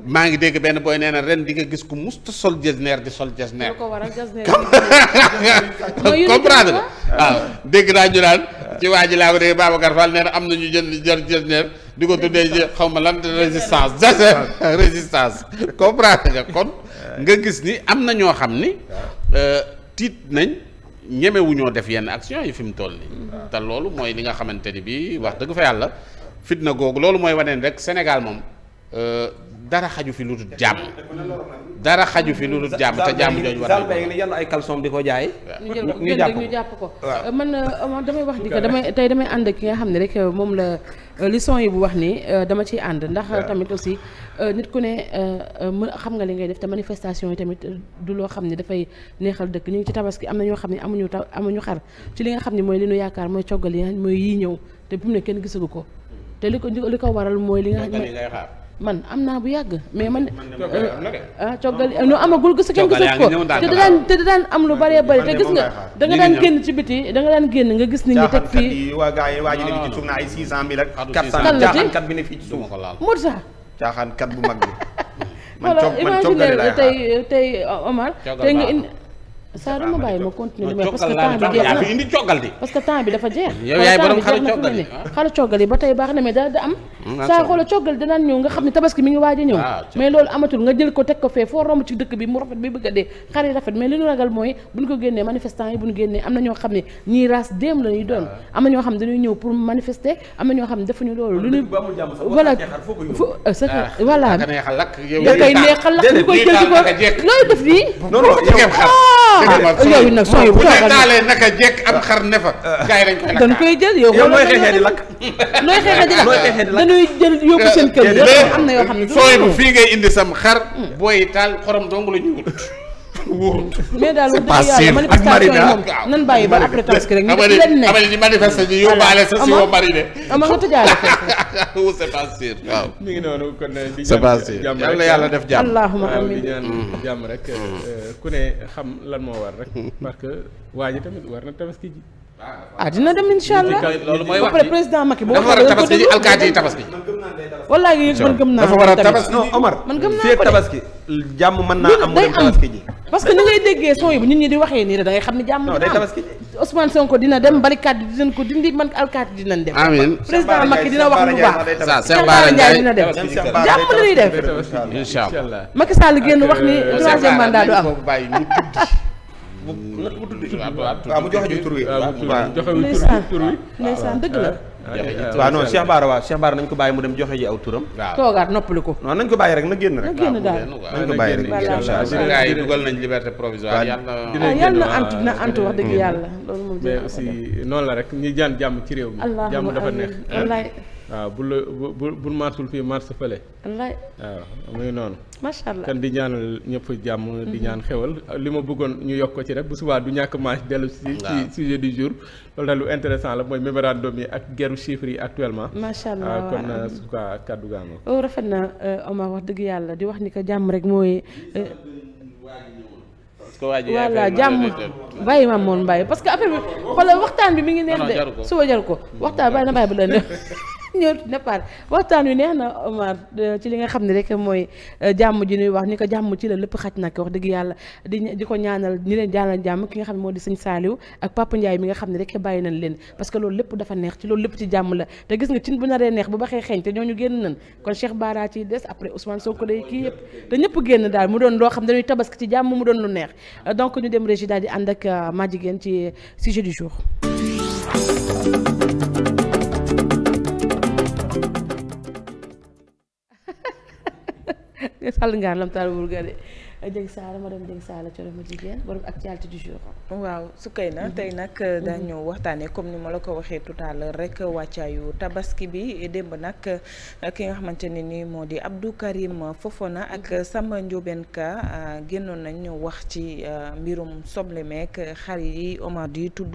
F: maa ngi dégg benn booy nee na ren di nga gis ku musta sol jasneer di sol jasneer
A: comprendre nga waaw
F: dégg naa ñu naan ci waa ji laa ko dégg Babacar Fall nee na am na ñu jël jël jasneer di ko tuddee xaw ma lan résistance résistance comprendre nga kon nga gis ni am na ñoo xam ni euh, tiit nañ ñemewuñoo def yenn action yi fi mu toll nii. te loolu mooy li nga xamante ni bii wax dëgg fa yàlla fitna googu loolu mooy waneen rek Sénégal moom euh, dara xaju fi lu dul jàmm. dara xaju fi lu dul jàmm te jàmm jooju war ay caleçon di ko jaay. ñu jàpp ko ñu
A: ko euh, man euh, damay wax ni que damay tey damay ànd ki nga xam ne rek euh, moom la li yi bu wax ni dama ciy ànd. ndax tamit aussi nit ku ne mën xam nga li ngay def te manifestation yi tamit du loo xam ni dafay neexal dëkk ñu ngi ci tabaski am na ñoo xam ne amuñu ta amuñu xar ci li nga xam ne mooy li ñu yaakaar mooy coggal yi mooy yii ñëw te bu mu ne kenn gisagu ko te li ko li ko waral mooy. li nga xam man am naa bu yàgg mais man. ah coggal no amagul gis kenn gisat ko te da daan te da daan am lu bëree bëri te gis nga da nga daan génn ci biti da nga daan génn nga gis ni ñi
D: teg fii waa gars yi waa ji nekk ci suuf na ay 600 mille ak 400 caaxaankat bi ne fii ci suuf moo tax caaxaankat bu mag bi
A: man imagine tey tey Omar tey nga indi saa dama bàyyi ma continuer li parce que temps bi dafa jeex yow yaay am mm, saa xoola a ñëw ah, mais ko teg a dee xar yi rafet ne ñii raas déem la ñuy doon ah. am na ñoo xam ne dañuy ñëw pour manifester am na koy euh, ah, neexal lakk ñu koy jël di
F: ko loolu def nii Ah, ah, yooyu nag sooy bu taalee naka jekk am xar ne fa. Ah. gars yi dañ koy lakk dañ yow. yow looy xeexee di lakk. looy xeexee di
C: seen kër yi. na yoo xam ne sooy bu fii
F: ngay indi sam xar. Hmm. booy taal xorom dong la ñuy wóorul mais daal wax dëgg yàlla manifestation yi moom nan bàyyi ba après tabaski rek ñu def leen ne di manifester ñu yóbbaale sa si woo bari de ama nga
C: tëjaale a
B: c'est pas waaw mi ngi noonu kon eh, di c'est pas sûr jàmm
F: def jàmm
A: allahuma
B: amin di ñaan mm. jàmm rek mm. eh, ku ne xam lan moo war rek mm. parce que waa ji
A: tamit war na tabaski ji ah dina dem incha allah loolu mooy wax président Macky boo. dafa war a tabaski ji alkaati yi tabaski. wallaahi yéen man gëm naa ko tamit tabaski non
D: man gëm naa ko tabaski jàmm mën naa am day am
A: parce déggee son yi waxee nii rek da ngay xam ne jàmm dina am Ousmane Sonko dina dem barikaat bi dinañ ko dindi man alkaati dinañ dina dem jàmm la ñuy def. incha allah Macky Sall génn wax ni troisième mandat du am
D: mu naka mu tudd. waaw mu joxe ñu tur wi waaw joxe tur
A: wi ndeysaan dëgg la.
D: waaw non Cheikh Baara waaw Cheikh Baara nañ ko bàyyi mu dem joxe ji aw turam. waaw
A: toogaat noppali ko. non
D: nañ ko bàyyi rek na génn
A: rek. na génn daal nañ ko bàyyi rek incha
B: allah. gars yi dugal nañ liberté provisoire.
D: yàlla na antu
A: na antu wax dëgg yàlla.
B: noonu la rek ñi jaan jàmm ci réew mi. jàmm dafa neex waaw bu la bu bu marsul fii mars fële. wallaay noonu.
A: macha allah di
B: ñaanal ñëpp jàmm. di mhm. ñaan xewal li ma bëggoon ñu yokk ci rek bu subaa du ñàkk match dellu si. ci sujet du jour. loolu la mooy mémorandum ak guerru chiffres actuellement. macha allah ah, kon euh, su ko gaa
A: oh, rafet na euh, Omar wax dëgg yàlla di wax ni ko jàmm rek mooy. Euh,
B: voilà jàmm
A: bàyyi ma moon bàyyi parce que affaire bi waxtaan bi mi ngi neex de suba jaru ko waxtaan bàyyi na bàyyi ba leen ñëw départ waxtaan wi neex na Omar ci li nga xam ne rek mooy euh, jàmm ji ñuy wax ni ko jàmm ci la lépp xaj nag wax dëgg yàlla di di ko ñaanal ñi leen jàllal jàmm ki nga xam ne moo di sëñ Saaliw ak Papa Ndiaye mi xam ne rek bàyyi nañ leen parce que loolu lépp dafa neex ci loolu lépp jàmm la te gis nga cin bu naree neex bu baxee xeeñ te ñooñu génn nañ kon Cheikh Bara ci des après Ousmane Sonko day kii yëpp te ñëpp génn daal mu doon loo xam dañuy tabaski ci jàmm mu doon lu neex euh, donc ñu dem régi daal di ànd ak euh, ma jigéen ci sujet du jour sàll ngaar lam taal de Dieng Saala madame Dieng Saala Thioro Madjiguène borom actualité du jour.
E: waaw su kay na mhm. tey nag euh, mhm. daañu waxtaanee comme ni ma la ko waxee tout à l'heure rek wàccaayu tabaski bi démb nag ki nga xamante ne ni moo di Abdou Karim Fofana ak mhm. Samba Ndiobène Ka euh, génnoon nañ wax ci euh, mbirum soble xar yi Omar yi tudd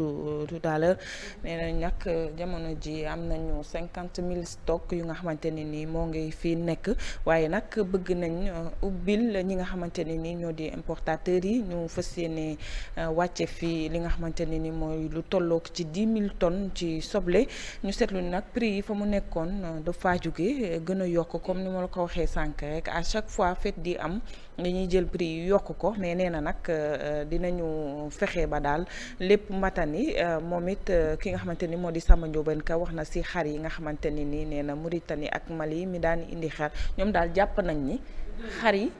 E: tout à nee nañ nag jamono ji am nañu cinquante mille stock yu nga xamante ne ni moo ngi fii nekk waaye nag bëgg nañ ubbil ñi nga xamante ni ne ni ñoo di importateurs yi ñu fas yéene euh, wàcce fii li nga xamante ne ni mooy lu tollook ci di mille tonnes ci soble ñu seetlu nag prix yi fa mu nekkoon euh, dafa jóge euh, gën a yokk comme ni ma ko waxee sànq à chaque fois fête di am dañuy jël prix yi yokk ko mais nee na nag dinañu fexe ba daal lépp matani moom it ki nga xamante ni moo di sama Ndiobène Ka wax na si xar yi nga xamante ne ni nee na Mauritanie ak Mali mi daan indi xar ñoom daal jàpp nañ ni xar yi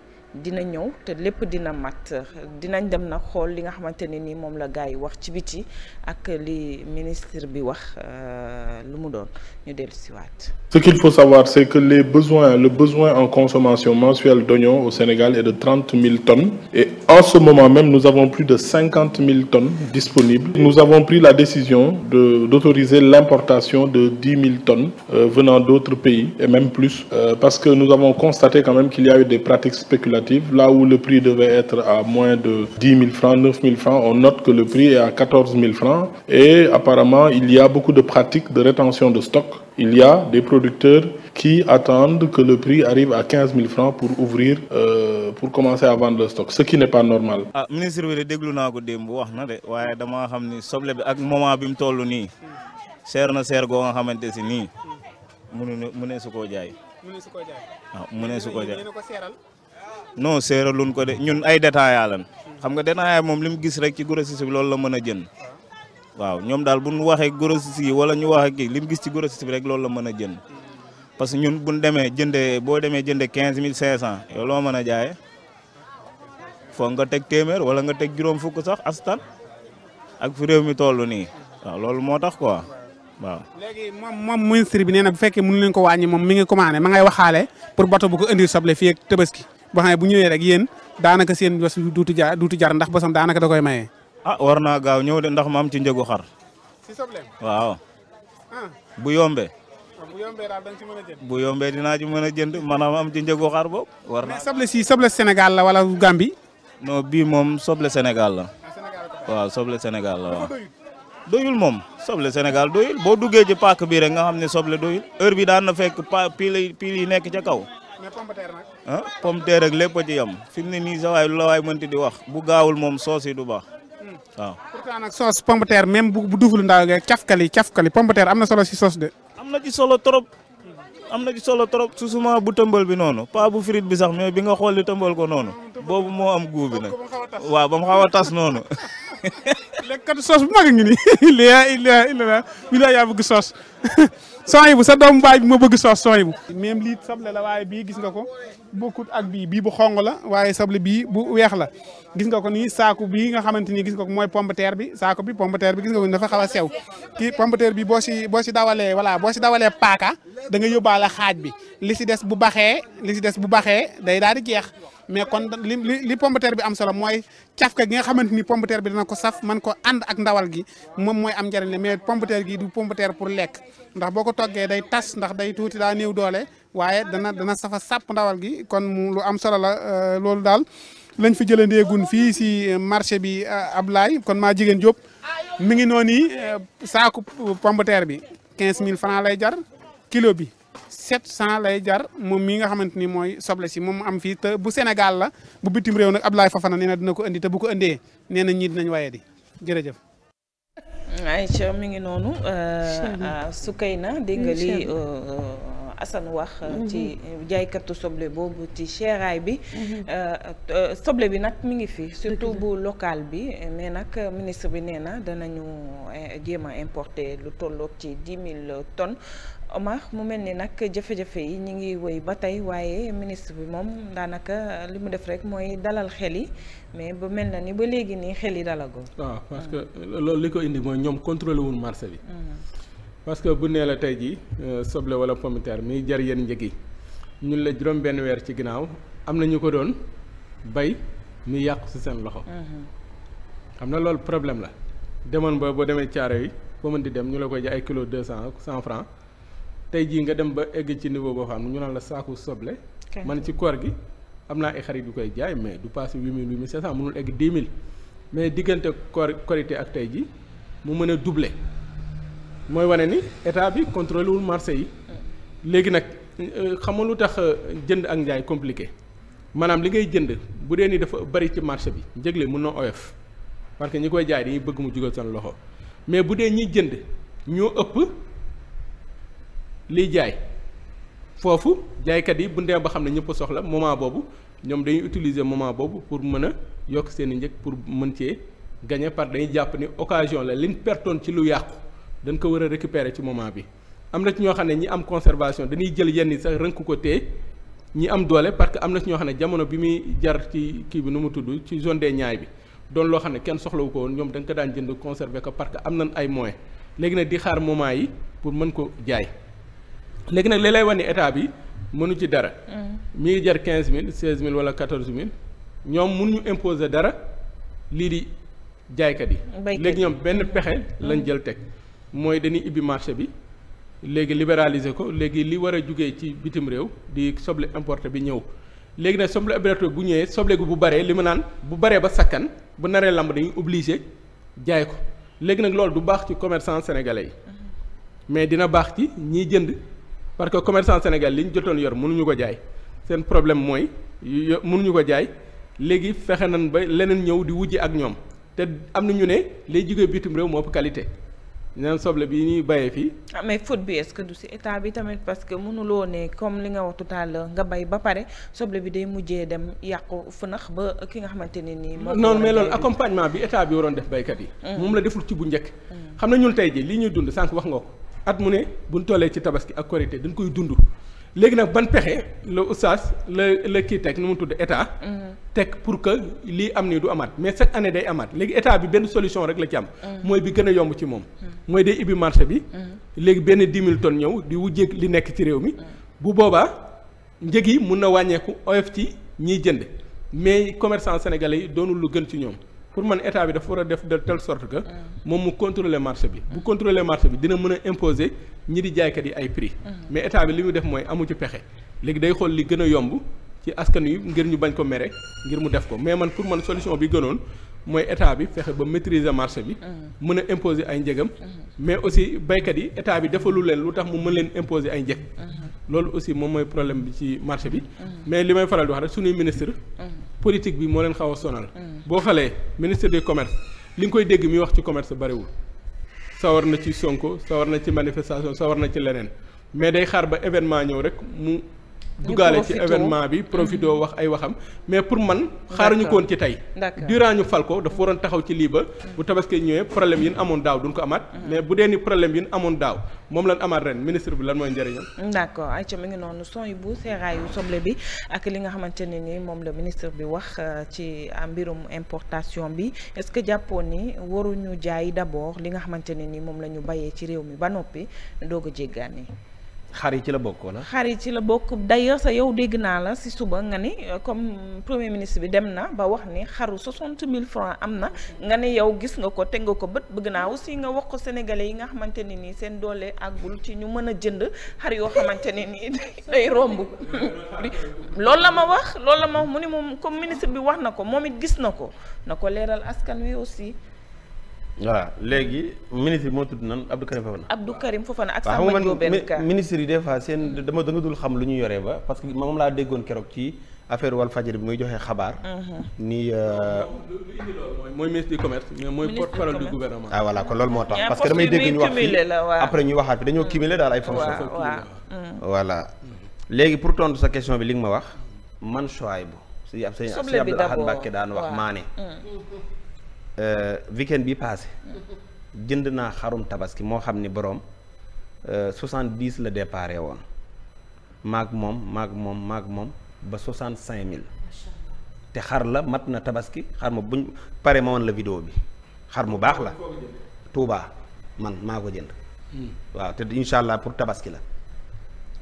E: dina ñëw te lépp dina mat dinañ dem na xool li nga xamante ne ni moom la gars yi wax ci biti ak li ministre bi wax euh, lu mu doon ñu dellu si
B: Ce qu'il faut savoir c'est que le besoin en consommation mensuelle d'oignons au Sénégal est de trente mille tonnes et en ce moment même nous avons plus de cinquante mille tonnes disponibles. Nous avons pris la décision de d'autoriser l'importation de dix mille tonnes euh, venant d'autres pays et même plus euh, parce que nous avons constaté quand même qu'il y a eu alternatives. Là où le prix devait être à moins de 10 000 francs, 9 000 francs, on note que le prix est à 14 000 francs. Et apparemment, il y a beaucoup de pratiques de rétention de stock. Il y a des producteurs qui attendent que le prix arrive à 15 000 francs pour ouvrir euh, pour commencer à vendre le stock ce qui n'est pas normal.
G: ah ministre bi déglu naa ko démb wax na de waaye damaa xam ni soble bi ak moment bi mu toll nii seer na seer goo nga xamante si nii. mu mu ne su koo jaay. mu ne su koo non séera luñ ko de ñun ay détaillants lan xam nga détaillant moom li mu gis rek ci grossiste bi loolu la mën a jënd waaw ñoom daal bu ñu waxee grossiste yi wala ñu wax ak kii li mu gis ci grossiste bi rek loolu la mën a jënd parce que ñun bu ñu demee jënde boo demee jënde quinze mille cinq cent yow loo mën a jaayee foog nga teg téeméer wala nga teg juróom fukk sax astan ak fi réew mi toll nii waaw loolu moo tax quoi waaw. léegi
H: moom moom ministre bi bu fekkee mënu leen ko wàññi moom mi ngi commandé ma ngay waxaale pour bato bu ko indi soble fii ak Tabaski. boo xam ne bu ñëwee rek yéen daanaka seen bos duutu jaar duutu jar ndax bosam daanaka da koy maye. ah war
G: naa gaaw ñëw de ndax ma am ci njëgu xar.
H: soble waaw. Ah. bu yombe ah, bu yombee
G: jënd. bu dinaa ci mën a jënd maanaam am ci njëgu xar boobu. war naa mais soble si la wala Gambie. non bii moom soble senegal la. Ah, waaw soble Sénégal la doyul moom soble senegal doyul boo duggee ci paak bi rek nga xam ne soble doyul heure bi daan na fekk pa pile yi nekk ca kaw. ah pomme terre ak lépp a ci yem fi mu ne nii sa waay lu la waay mënti di wax bu gaawul moom soos yi du baax waaw.
H: pourtant nag soos pomme terre même bu bu duuful ndaw geeg cafkali cafkali pomme terre am na solo si soos de.
G: am na ci solo trop am na bu tëmbal bi noonu pas bu frite bi sax mais bi nga xool tëmbal ko noonu boobu moo am guub bi nag waaw a tas noonu. léegi kat soos bu
H: mag a ngi nii lii yaa illa illa yaa bëgg soos. sony bu sa doom baay bi ma bëgg soos sony bu même lii sable la waaye bii gis nga ko bokkut ak bii bii bu xong la waaye sable bii bu weex la gis nga ko nii saaku bii nga xamante ni gis nga ko mooy pomme de terre bi saaku bi pomme de terre bi gis nga ko dafa xaw a sew kii pomme de terre bi boo si boo si dawalee voilà boo si dawalee paaka danga nga yóbbaale xaaj bi li si des bu baxee li si des bu baxee day daal di jeex mais kon li li pomme de terre bi am solo mooy cafka gi nga xamante ni pomme de terre bi dana ko saf man ko ànd ak ndawal gi moom mooy am njëriñ la mais pomme de terre gi du pomme de terre pour lekk ndax boo ko toggee day tas ndax day tuuti daa néew doole waaye dana dana safa sàpp ndawal gi kon lu am solo la euh, loolu daal lañ fi jëlandeegun fii si marché bi euh, Ablaye kon maa jigéen Diop mi ngi noonu euh, saaku pomme de terre bi mille francs lay jar kilo bi. 700 lay jar moom mii nga xamante ni mooy soble si moom am fii te bu Sénégal la bu bitim réew nag Abdoulaye Fofana nee na dina ko indi te bu ko indee nee na ñii dinañ waye di jërëjëf.
E: Aïcha mi ngi noonu. Euh, euh, Soukeyna dégg nga li euh, Assane wax. Mhm. ci jaaykatu soble boobu ci seeraay bi. Mhm. soble bi nag mi ngi fi. surtout bu local bi mais nag ministre bi nee na danañu jéem a importer lu tolloog ci dix mille tonnes. Omar mu mel ni nag jafe-jafe yi ñu ngi wéy ba tey waaye ministre bi moom daanaka li mu def rek mooy dalal xel yi mais ba mel na ni ba léegi nii xel yi dalagoo. waaw parce
B: que lool li ko indi mooy ñoom contrôlé wul marché bi. Mm. parce que bu nee la tey jii euh, soble wala pomme de terre mi jar yenn njëg yi ñun la juróom benn weer ci ginnaaw am na ñu ko doon bay mi yàqu si seen loxo. Mm-hmm. xam na loolu problème la demoon ba boo demee caare yi ba mun di dem ñu la koy jaay ay kilo deux cent cent franc. tey jii nga dem ba egg ci niveau boo xam ne ñu naan la saaku soble. man ci koor gi am naa ay xarit yu koy jaay mais du passé huit mille huit mille cinq cent mënul egg dix mille mais diggante koor korité ak tey jii mu mën a doubler mooy wane ni état bi contrôlé wul marché yi. léegi nag euh, xam lu tax euh, jënd ak njaay compliqué maanaam li ngay jënd bu dee nii dafa bari ci marché bi njëgle mën na oyof parce que ñi koy jaay dañuy bëgg mu jugal seen loxo mais bu dee ñiy jënd ñoo ëpp. liy jaay foofu jaaykat yi bu ndee ba xam ne ñëpp soxla moment boobu ñoom dañuy utiliser moment boobu pour mën a yokk seen i pour mën cee gagner par dañuy jàpp ni occasion la liñ pertoon ci lu yàqu dañ ko war a récupérer ci moment bi am na ci ñoo xam ne ñi am conservation dañuy jël yenn yi sax rënk ko tee ñi am doole parce que am na ci ñoo xam ne jamono bi muy jar ci kii bi nu mu tudd ci zone des Niayes bi doon loo xam ne kenn soxlawu ko woon ñoom dañ ko daan jënd conserver ko parce que am nañ ay moyens léegi nag di xaar moment yi pour mën ko jaay léegi nag li lay wan ni état bi mënu ci dara. Mm. mi ngi jar quinze mille seize mille wala quatorze mille ñoom mënuñu imposer dara lii di jaaykat yi. léegi ñoom benn mm. pexe lañ jël teg mooy dañuy ibbi marché bi. léegi libéraliser ko léegi li war a jugee ci bitim réew di soble importé bi ñëw léegi nag soble importé bu ñëwee soble gu bu baree li ma naan bu baree ba sakkan bu naree lamb dañuy obligé jaay ko léegi nag loolu du baax ci commerçant sénégalais yi mm. mais dina baax ci ñi jënd parce que commerçant Sénégal li ñu jotoon yor mënuñu ko jaay seen problème mooy mënuñu ko jaay léegi fexe nañ ba leneen ñëw di wujje ak ñoom te am na ñu ne lay jógee bitim réew moo ëpp qualité neen soble bi ñuy bayee fii.
E: ah mais faute bi est si que bi tamit parce que mënuloo ne comme li nga wax tout à nga bay ba pare soble bi day mujjee dem yàqu fënax ba ki nga xamante ne nii. non mais loolu
B: accompagnement bi état bi waroon def baykat yi. Mm. moom la deful ci bu njëkk. Mm. xam na ñun tey ji li ñuy dund sànq wax nga at mu ne bu buñ tollee ci tabaski ak korité dañ koy dund léegi nag ban pexe la oustaz la la kii teg nu mu tudd état. Mhm. teg pour que lii am nii du amaat mais chaque année day amaat léegi état bi benn solution rek la ci am. Mhm. mooy bi gën a yomb ci moom. Mhm. mooy day ibbi marché bi. léegi benn dix mille tonnes ñëw di wujjeeg li nekk ci réew mi. bu boobaa njëg yi mun na wàññeeku oyof ci ñiy jënd mais commerçant sénégalais yi doonul lu gën ci ñoom. pour man état bi dafa war a def de telle sorte que. Mm. moom mu contrôler marché bi. bu contrôler marché bi dina mën a imposer ñi di jaaykat yi ay prix. Mm. mais état bi li mu def mooy amu ci pexe léegi day xool li gën a yomb ci askan wi ngir ñu bañ ko mere ngir mu def ko mais man pour man solution bi gënoon. mooy état bi fexe ba maîtriser marché bi. Mm-hmm. mën a imposer ay njegam mm-hmm. mais aussi baykat yi état bi defalu leen lu tax mu mën leen imposer ay njeg mm-hmm. loolu aussi moom mooy problème bi ci marché bi. mais li may faral di wax rek suñuy ministre politique bi moo leen xaw a sonal. boo xalee ministre du commerce li nga koy dégg muy wax ci commerce bariwul sawar na ci Sonko sawar na ci manifestation sawar na ci leneen mais day xaar ba événement ñëw rek dugaale ci événement bi profité wax ay waxam mais pour man xaaruñu ko woon ci tey durant ñu fal ko dafa waroon taxaw ci liiba ba bu tabaski ñëwee problème yi ñu amoon daaw duñ ko amaat mm-hmm. mais bu dee ni problème yi ñu amoon daaw moom lañ amaat ren ministre bi lan mooy njëriñam
E: d'accord ayca mi ngi noonu son yi bu seeraayu soble bi ak li nga xamante ne ni moom la ministre bi wax euh, ci euh, mbirum importation bi est-ce que jàppoon ni waruñu jaay d'abord li nga xamante ne ni moom la ñu bayee ci réew mi ba noppi doog a jéggaan
D: xar yi ci la bokk wala. xar
E: yi ci la bokk day sa yow dégg naa la si suba nga ni euh, comme premier ministre bi dem na ba wax ni xaru 60 000 francs am na nga ne yow gis nga ko teg nga ko bët bëgg naa aussi nga wax ko sénégalais yi nga xamante ne nii seen doole àggul ci ñu mën a jënd xar yoo xamante ne nii day romb. loolu la ma wax loolu la ma mu ne moom comme ministre bi wax na ko moom it gis na ko na ko leeral askan wi aussi.
D: waaw léegi ministre yi moo tudd nan Abdou Karim Fofana.
E: Abdou Karim Fofana ak Samba Diop
D: ministre yi des fois seen dama da nga dul xam lu ñu yoree ba parce que moom laa déggoon keroog ci affaire wal fajari bi muy joxe xabaar. Mhm. ni. Euh,
B: mooy ministre du mooy porte-parole du gouvernement. ah
D: voilà kon loolu moo tax parce que damay dégg ñu wax fii après ñu waxaat fi dañoo mm. cumuler daal ay fonctions. Mm. voilà léegi pour tontu sa question bi li nga ma wax man choix bu. soble bi d'abord si ab sëñ Abdou Ahad daan wax maane.
C: Mm.
D: Euh, weekend bi passé jënd naa xarum tabaski moo xam ni boroom euh, soixante dix la déparé woon maag moom maag moom maag moom ba soixante cinq mille te xar la mat na tabaski xar ma buñ pare ma woon la vidéo bi xar mu baax la Touba man maa ko jënd hmm. waaw te incha allah pour tabaski la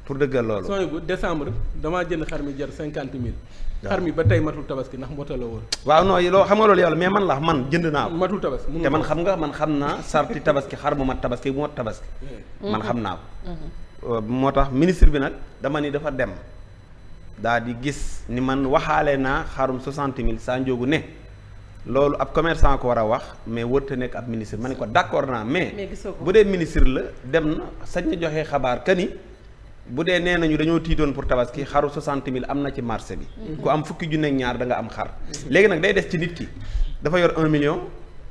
D: pour dëggal loolu. sooy
B: bu décembre damaa jënd xar mi jar cinquante mille. xar mi ba tey matul tabaski ndax mbota la woon
D: waaw non loo xam nga loolu yàlla mais man la man jënd naa ko matul tabaski te man xam nga man xam naa sarti tabaski xar mu mat tabaski bu mat tabaski
B: hmm. man xam naa ko hmm.
D: euh, moo tax ministre bi nag dama ni dafa dem daal di gis ni man waxaale naa xarum soixante mille saa njóogu ne loolu ab commerçant ko war a wax mais wërta nekk ab ministre ma ne ko d'accord naa mais bu dee ministre la dem na sañ na joxe xabaar kani bu dee nee nañu dañoo tiitoon pour tabaski xaru 60 000 am na ci marché bi. Mhm. ku am fukki junne ñaar da am xar. Mhm. léegi nag day des ci nit ki dafa yor 1 million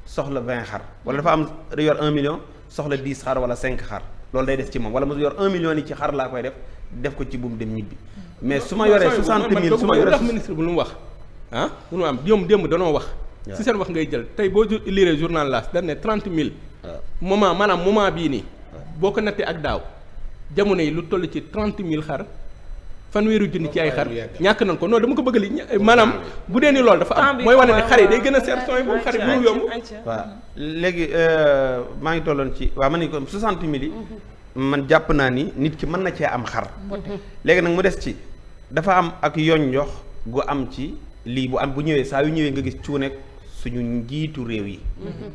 D: soxla vingt xar wala dafa am yor 1 million soxla 10 xar wala cinq xar loolu day des ci moom wala mu yor 1 million yi ci xar laa koy def def ko ci buum dem ñibbi.
B: mais su ma yore 60 000 su ma yoree ministre bu lu mu wax ah bu nu am démb démb danoo wax. si seen wax ngay jël tey boo lire journal laas dañ ne 30 000. moment maanaam moment bii nii. boo ko nattee ak daaw. jamono yi lu toll ci trente mille xar fanweeri junni ci ay xar ñàkk nañ ko non dama ko bëgg li eh, maanaam bu dee ni loolu dafa am mooy wane ne xar yi day gën a seer sooy bu xar yi bu yomb waaw euh,
D: maa ngi tolloon ci waaw ma ne ko soixante mhm. man jàpp naa ni nit ki mën na cee am xar léegi nag mu des ci dafa am ak yoñ yox gu am ci lii bu am bu ñëwee saa yu ñëwee nga gis cuune suñu njiitu réew yi mhm.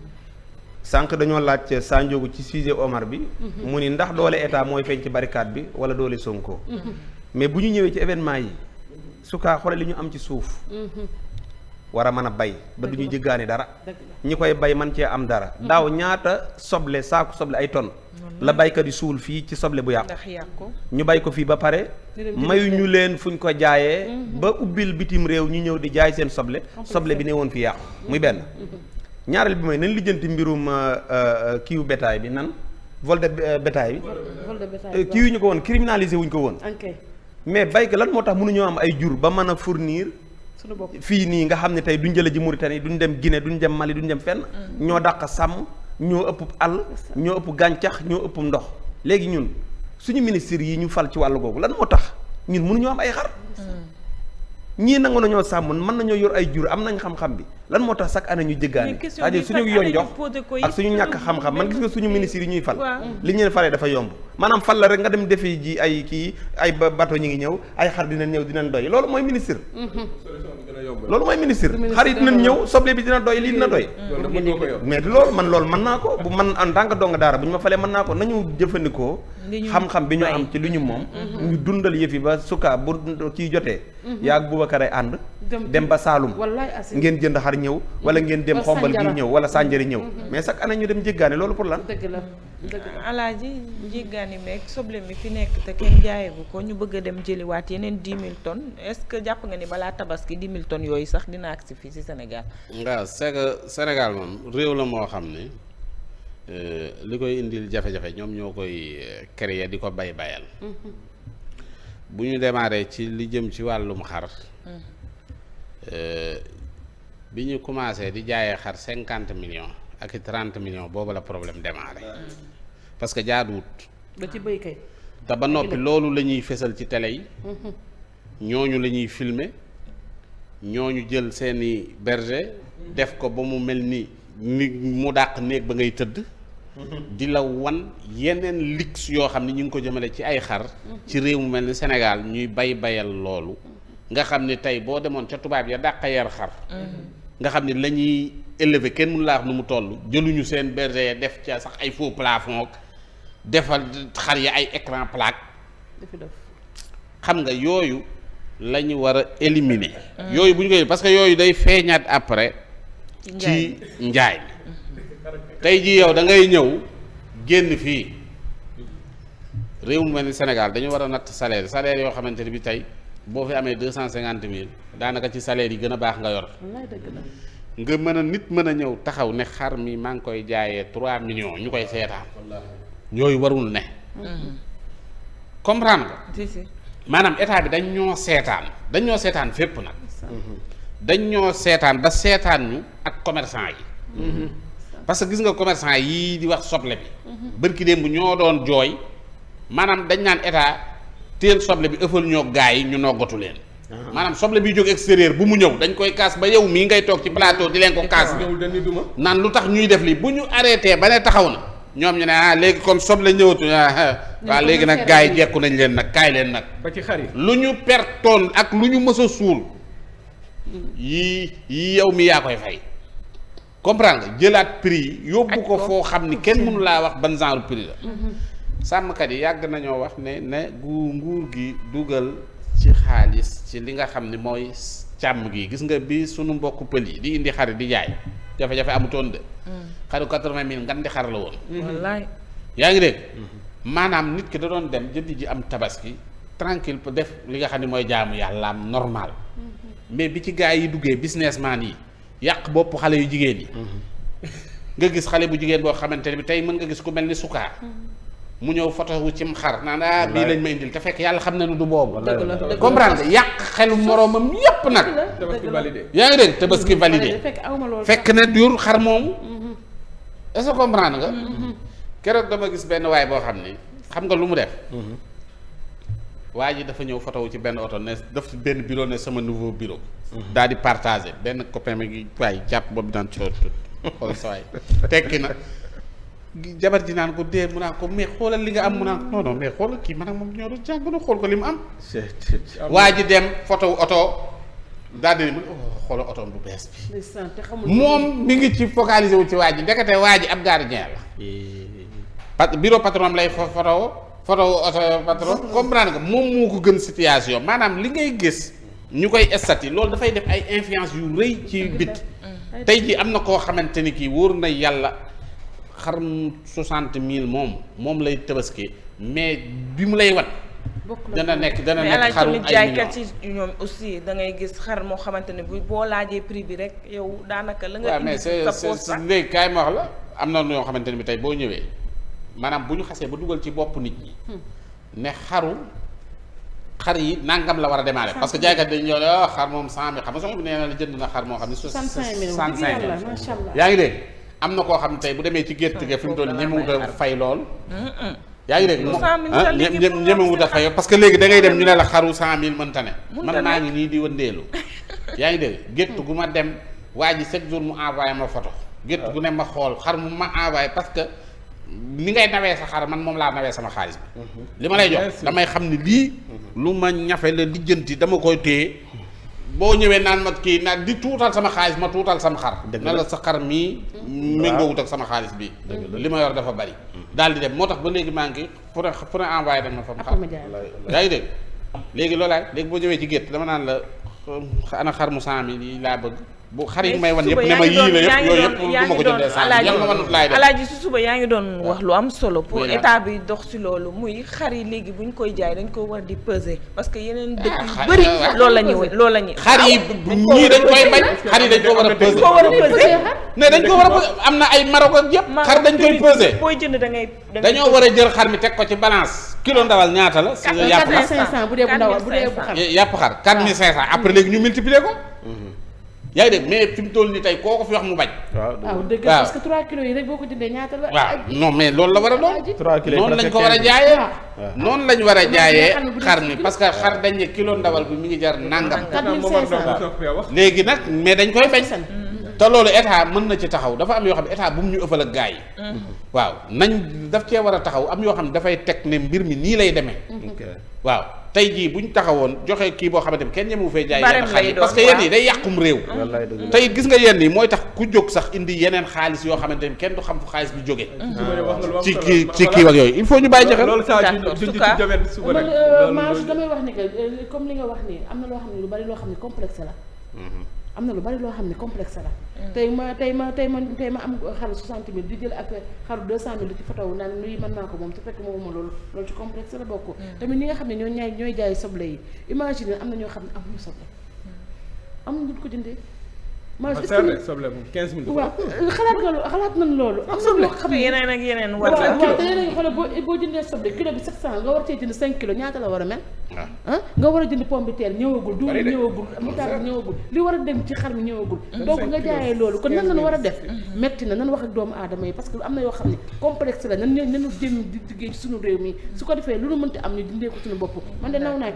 D: sànq dañoo laaj Sa Ndiogou ci sujet Omar bi. Mhm. mu ni ndax doole état mooy feeñ ci barricade bi wala doole Sonko. Mhm. mais bu ñu ñëwee ci événement yi su kaa xoolee li ñu am ci suuf. Mhm. war a mën a bay ba du ñu jéggaani dara. ñi koy bay man cee am dara. daaw ñaata soble saaku soble ay tonnes. la baykat yi suul fii ci soble bu yàqu. ñu bay ko fii ba pare. mayu ñu leen fuñ ko jaayee. ba ubbil bitim réew ñu ñëw di jaay seen soble. soble bi ne woon fii yàqu muy benn. ñaareel bi mooy nañ lijjanti mbirum euh, euh, kiiwu betaay bi nan vol de euh, bétail bi kii yu ñu ko woon criminalisé wuñ ko woon mais baykat lan moo tax mënuñoo am ay jur ba mën a fournir fii nii nga xam ne tey duñ jële ji Mauritanie duñ dem Guinée duñ dem Mali duñ dem fenn mm. ñoo dàq sàmm ñoo ëpp àll ñoo ëpp gàncax ñoo ëpp ndox léegi ñun suñu ministres yi ñu fal ci wàllu googu lan moo tax ñun mënuñoo am ay xar ñii nangu nañoo sàmm mën nañoo yor ay jur am nañ xam-xam bi lan moo tax chaque année ñu jéggaani c'est-à-dire suñu yoon jox ak suñu ñàkk xam-xam man gis nga suñu ministre yi ñuy fal li ñu leen dafa yomb maanaam fal la rek nga dem defi ji ay kii ay bateau ñi ngi ñëw ay xar dinañ ñëw dinañ doy loolu mooy ministre
B: mhm. loolu mooy ministre xar yi dinañ ñëw soble
D: bi dina doy lii dina doy mhm. mais loolu man loolu mën naa ko bu man en tant que daara bu ñu ma falee mën naa ko nañu xam-xam bi ñu am ci lu ñu moom mhm. ñu dundal yëf yi ba sukaa bu kii jotee mhm. yaa ak Boubacar ay ànd dem ba Saalum ngeen jënd xar ñëw wala ngeen dem xombal gi ñëw wala sànjari ñëw mhm. mais chaque année ñu dem jéggaani loolu
A: pour lan dëgg la
E: dëgg la alaaji jéggaani meeg soble mi fi nekk te kenn jaayee bu ko ñu bëgg a dem jëliwaat yeneen dix mille tonnes est-ce que jàpp nga ni balaa tabaski dix mille tonnes yooyu sax dina agsi fii si Sénégal
F: waaw c'est que Sénégal moom réew la moo xam ne Euh, li koy indil jafe-jafe ñoom ñoo koy euh, créer di ko bay bayal mm-hmm. bu ñu démarré ci li jëm ci wàllum xar mm-hmm. euh, bi ñu commencé di jaayee xar cinquante million ak trente million boobu la problème démarré
A: mm-hmm.
F: parce que jaaduwut
A: ba te
F: ba noppi loolu la ñuy fésal ci télé yi ñooñu la ñuy filmer ñooñu jël seeni berger def ko ba mu mel ni ni mu dàq néeg ba ngay tëdd di la wan yeneen lix yoo xam ne ñu ngi ko jëmale ci ay xar ci réew mu mel ni Sénégal ñuy bay bayal loolu nga xam ne tey boo demoon ca tubaab ya dàqa yar xar nga xam ne lañuy ñuy kenn mun laa wax nu mu toll jëluñu seen berger def ca sax ay faux plafond ak defal xar ya ay écran plaque xam nga yooyu la ñu war a éliminer mm. yooyu bu ñu koy parce que yooyu day feeñaat après ci njaay tey jii yow da ngay ñëw génn fii réew mu mel ni Sénégal dañu war a natt salaire salaire yoo xamante ni bi tey boo fi amee deux cent cinquante mille daanaka ci salaire yi gën a baax nga yor. nga mën a nit mën a ñëw taxaw ne xar mi maa ngi koy jaaye trois millions ñu koy seetaan. ñooy warul ne. Mm-hmm. comprendre nga. maanaam état bi dañ ñoo seetaan dañ ñoo seetaan fépp nag. dañ ñoo seetaan ba seetaan ñu ak commerçant yi. Mm-hmm. parce que gis nga commerçant yii di wax soble bi. bërki démb bu ñoo doon jooy maanaam dañ naan état teel soble bi ëffal ñoo gaa yi ñu noggatu leen. Ah. maanaam soble bi jóg extérieur bu mu ñëw dañ koy kaas ba yow mii ngay toog ci plateau di leen ko kaas. naan lu tax ñuy def li bu ñu arrêté ba ne taxaw na ñoom ñu ne ah léegi comme soble ñëwatu ah, ah. waa léegi nag gaa yi jekku nañ leen nag kaay leen nag. ba ci xar yi lu ñu pertoon ak lu ñu mës a suul yii yii yow mi yaa koy fay. comprendre nga jëlaat prix yi yóbbu ko foo xam ni kenn mënu laa wax ban genre prix la mhm. sàmmkat yi yàgg nañoo wax ne ne gu nguur gi dugal ci xaalis ci li nga xam ni mooy càmm gi gis nga bi sunu mbokk pël yi di indi xar di jaay jafe-jafe amutoon de mm. xaru quatre-vingt mille ngan di xar la woon mhm. yaa ngi dégg mhm. maanaam nit ki da doon dem jënd ji am tabaski tranquille def li nga xam ne mooy jaamu yàllaam normal mais bi ci gaa yi duggee businessman yi yàq bopp xale yu jigéen yi
C: mm-hmm.
F: nga gis xale bu jigéen boo xamante ne bi tey mën nga gis ku mel ni sukaar
B: mm-hmm.
F: mu ñëw fotowu cim xar naan ah bii lañ ma indil te fekk yàlla xam na ne du boobu comprendre yàq xelu moroomam yépp nag yaa ngi dégg tabaski mm-hmm. validé fekk na dur xar moomu est-ce que nga keroog dama gis benn waay boo xam ne xam nga lu mu def waa ji dafa ñëw photo ci benn oto ne daf benn bureau ne sama nouveau bureau. daal di partagé benn copain mi ngi waay jàpp boobu daan coow xool sa waay tekki na. jabar ji naan ko dee mu naan ko mais xoolal li nga am mu naan non non mais xool kii man a moom ñoo doon xool ko li mu am. waa ji dem photo oto daal di ne oh, xoolal bu bees
A: bi. moom
F: mi ngi ci focalisé wu ci waa ji ndekete waa ji ab gardien la. Eh. parce que bureau patron lay photo photo oto patron comprendre nga moom moo ko gën situation maanaam li ngay gis ñu koy estati loolu dafay def ay influence yu rëy ci bit
C: mm. tey jii
F: am na koo xamante ni kii wóor na yàlla xar xarum soixante mille moom moom lay tabaski mais bi mu lay wat
E: dana nekk dana nekk xarum ay jaaykat yi ñoom da ngay gis xar moo xamante ne bu boo laajee prix bi rek yow daanaka la nga indi sa poche sax
F: léegi kaay ma wax la am na ñoo xamante ne bi tey boo ñëwee maanaam bu ñu xasee ba dugal ci bopp nit ñi hmm. ne xaru xar yi nangam la war a démarrer parce que jaaykat dañ ñëw ne oh, xar moom cent mille xam nga sama bi nee na la jënd na xar moo xam ne soixante-cinq yaa ngi dégg am na koo xam ne tey bu demee ci gerte gi fi mu toll ñemewut a fay lool
C: yaa ngi dégg ah, moom
F: ñemewut a fay parce que léegi da ngay dem ñu ne la xaru cent mille mënta ne man maa ngi nii di wëndeelu yaa ngi dégg gerte gu ma dem waa ji chaque jour mu envoyé ma photo gerte gu ne ma xool xar mu ma envoyé parce que ni ngay nawee sa xar man moom laa nawee sama xaalis bi
C: mhm.
I: li
F: ma lay jox damay xam ne lii mhm. lu ma ñafe la lijjanti dama koy téye boo ñëwee naan ma kii naan di tuutal sama xaalis ma tuutal sama xar ne la sa xar mii méngoowut ak sama xaalis bi li ma yor dafa bari mhm. daal di dem moo tax ba léegi maa ngi pour pour envoyé dama fa mu xar yaa ngi dégg léegi loolaay léegi boo ñëwee ci gétt dama naan la euh, xar mu cent mille laa bëgg bu xarit may wan yëpp ne ma yii la yëpp yooyu
E: yëpp doon wax lu am solo pour xar yi léegi bu koy jaay dañ ko war di parce que yeneen dëkk yu ah, bëri loolu la ñuy la a peser dañ ko war a peser
F: ay Maroc ak yëpp xar dañ koy peser
E: booy jënd da ngay dañoo war a jël
F: xar mi teg ko ci balance kilo ndawal ñaata la si yàpp
E: xar bu dee bu ndaw bu dee bu xar
F: eh, yàpp xar 4500 après léegi ñu multiplier ko mm-hmm. yaa ngi dégg mais fi mu toll nii tey koo ko fi wax mu bañ. waaw
A: dëgg boo ko jëndee ñaata la. waaw
F: mais loolu la war a doon. 3 kilos noonu lañ ko war a jaayee. waaw noonu lañ war a jaayee xar mi parce que xar dañ ne kilo ndawal bi mi ngi jar nangam. 4500 léegi nag mais dañ koy bañ. te loolu état mën na ci taxaw dafa am yoo xam ne état bu mu ñu ëffal ak gars yi. Mm-hmm. waaw nañ daf cee war a taxaw am yoo xam ne dafay teg ne mbir mi nii lay demee. waaw. tey jii bu ñu taxawoon joxe kii boo xamante ni kenn ñemewu fee jaay yenn xaalis parce que yenn yi day yàqum réew tey gis nga yenn yi mooy tax ku jóg sax indi yeneen xaalis yoo xamante ni kenn du xam fu xaalis bi jógee mm-hmm. ci kii ci kii ak yooyu il faut ñu bàyyi joxe loolu saa euh,
A: damay wax ni que euh, comme li nga wax ni am na loo xam ne lu bari loo xam ne complexe la
C: mm-hmm.
A: am na lu bari loo xam ne complexe la mm. tey ma tey ma tey ma tey ma am xaru 60 mille di jël ak xaru 200 mille di ci fotow naan nuy mën naa ko moom te fekk moomuma loolu loolu ci complexe la bokk mm. tamit ñi nga xam ne ñoo ñaay ñooy jaay soble yi am na ñoo xam ne amuñu soble
E: mm. amuñu duñ ko jëndee
A: ma
B: est ce soble moom 15 mille waaw
A: euh, xalaat nga xalaat nañ loolu. am na loo xam ne
E: yeneen ak yeneen. waaw waaw te yeneen
A: yi xoolal boo boo jëndee soble kilo bi 700 nga war cee jënd 5 ñaata la war a mel. ah nga war a jënd pomme de terre ñëwagul duulu war a dem ci xar mi ñëwagul donc nga jaayee loolu kon nan lañu war a def metti na nan wax ak doomu aadama yi parce que am na yoo xam ne complexe la nan nanu jéem di liggéey ci suñu réew mi ko defee lu nu man de naw la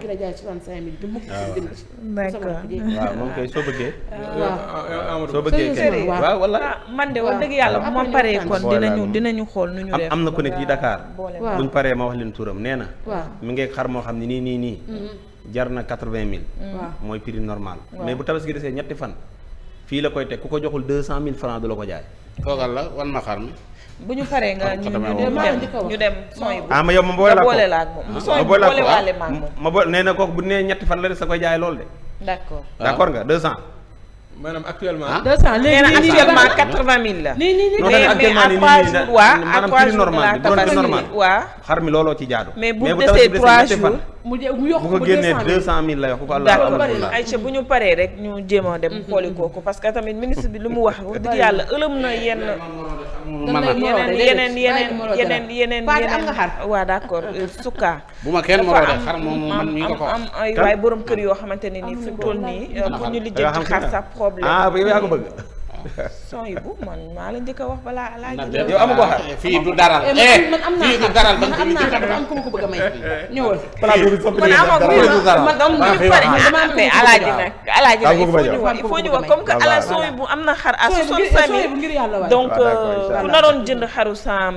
E: jaay ah, ah, ma paree kon dinañu dinañu xool
D: nu na ku ne ci buñ paree ma wax leen turam nee na mi ngi xar moo xam ne nii nii nii. jar na quatre vingt mille. mooy prix normal. mais bu tabaski desee ñetti fan. fii la koy teg ku ko joxul deux cent mille franc du la ko jaay. toogal la wan ma xar mi.
E: bu ñu paree nga ñu dem ñu dem sooy bu.
D: ah ma yow ma boole laa ko ah, ma boole laa ko ma boole nee na kooku bu nee ñetti fan la des da koy jaay lool de.
E: d'accord d'accord nga maanaam actuellement. ah 200 léegi la. nii mais à trois waa à
D: trois jours la tabaski waa. xar mi looloo ci jaadu. mais bu desee trois jours
E: mu bu ko génnee 200
D: 000 la yokk ko allah
E: bu ñu paree rek ñu jéem dem mhm. xooli kooku parce que tamit ministre bi lu mu wax wax dëgg yàlla ëlëm na yenn. man la yeneen yeneen yeneen yeneen yeneen waaw d'accord euh, sukka bu ma kenn moroo de xar moom man mi nga ko am ay waay kër yoo xamante ne nii fi mu toll nii euh, pour ñu lijjanti problème ah yow yaa ko bëgg. son yi bu man maa la njëkk a wax balaa alaaji. nag yow amu ko a fii du daral. Eh, eh, man am naa fii du daral man am naa am ku ma ko bëgg a may.
A: ñëwal. am mais alaaji nag. alaaji
E: bu am na xar donc euh, ku naroon jënd xaru cent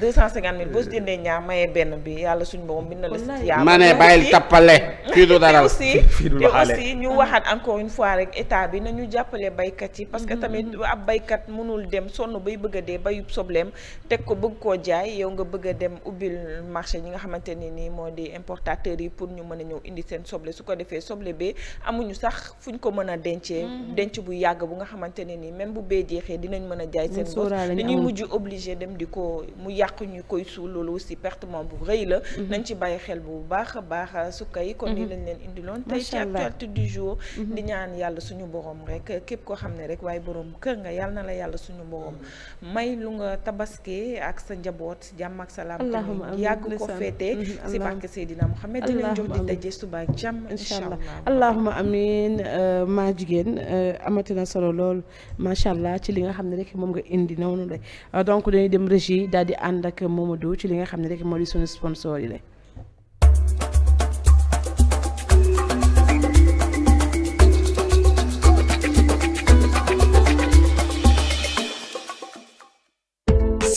E: deux cent cinquante mille boo jëndee ñaar maye benn bi yàlla suñu boppam ma ne bàyyil tappale. fii du daral
F: fii du waxaale aussi
E: ñu waxaat encore une fois rek état bi nañu jàppale baykat yi parce mm-hmm. tamit tamit mhm. ab baykat mënul dem sonn bay bëgg dee bayub sobleem teg ko bëgg koo jaay yow nga bëgg a dem ubbil marché ñi nga xamante ne nii moo di importateurs yi pour ñu mën a ñëw indi seen soble su ko defee soble bee amuñu sax fuñ ko mën a dencee mhm. denc bu yàgg bu nga xamante ne nii même bu bee jeexee dinañ mën a jaay seen bos dañuy mujj obligé dem di ko mu yàqu ñu koy suul loolu aussi pertement bu rëy la mhm. nañ ci bàyyi xel bu baax a baax su kay kon nii lañ leen indiloon tey ci actualité du borom kër nga yal na la yàlla suñu mboom may lu nga tabaski ak sa njaboot jàmm ak salaam tamit yàgg ko féete si barke Seydina Mouhamed di leen jox di daje suba ak jàmm incha allah
A: allahuma amin euh, maa jigéen euh, amati na solo lool macha allah ci li nga xam ne rek moom nga indi noonu rek euh, donc dañuy dem régie daal di ànd ak moom Momadou ci li nga xam ne rek moo di suñu sponsor yi la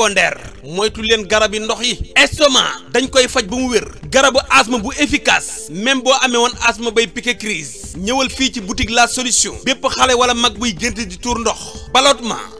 D: secondaire moytu leen garab yi ndox yi estomac dañ koy faj ba mu wér garabu asma bu efficace même boo amee woon asma bay piqué crise ñëwal fii ci boutique la solution bépp xale wala mag buy gént di tuur ndox ballottement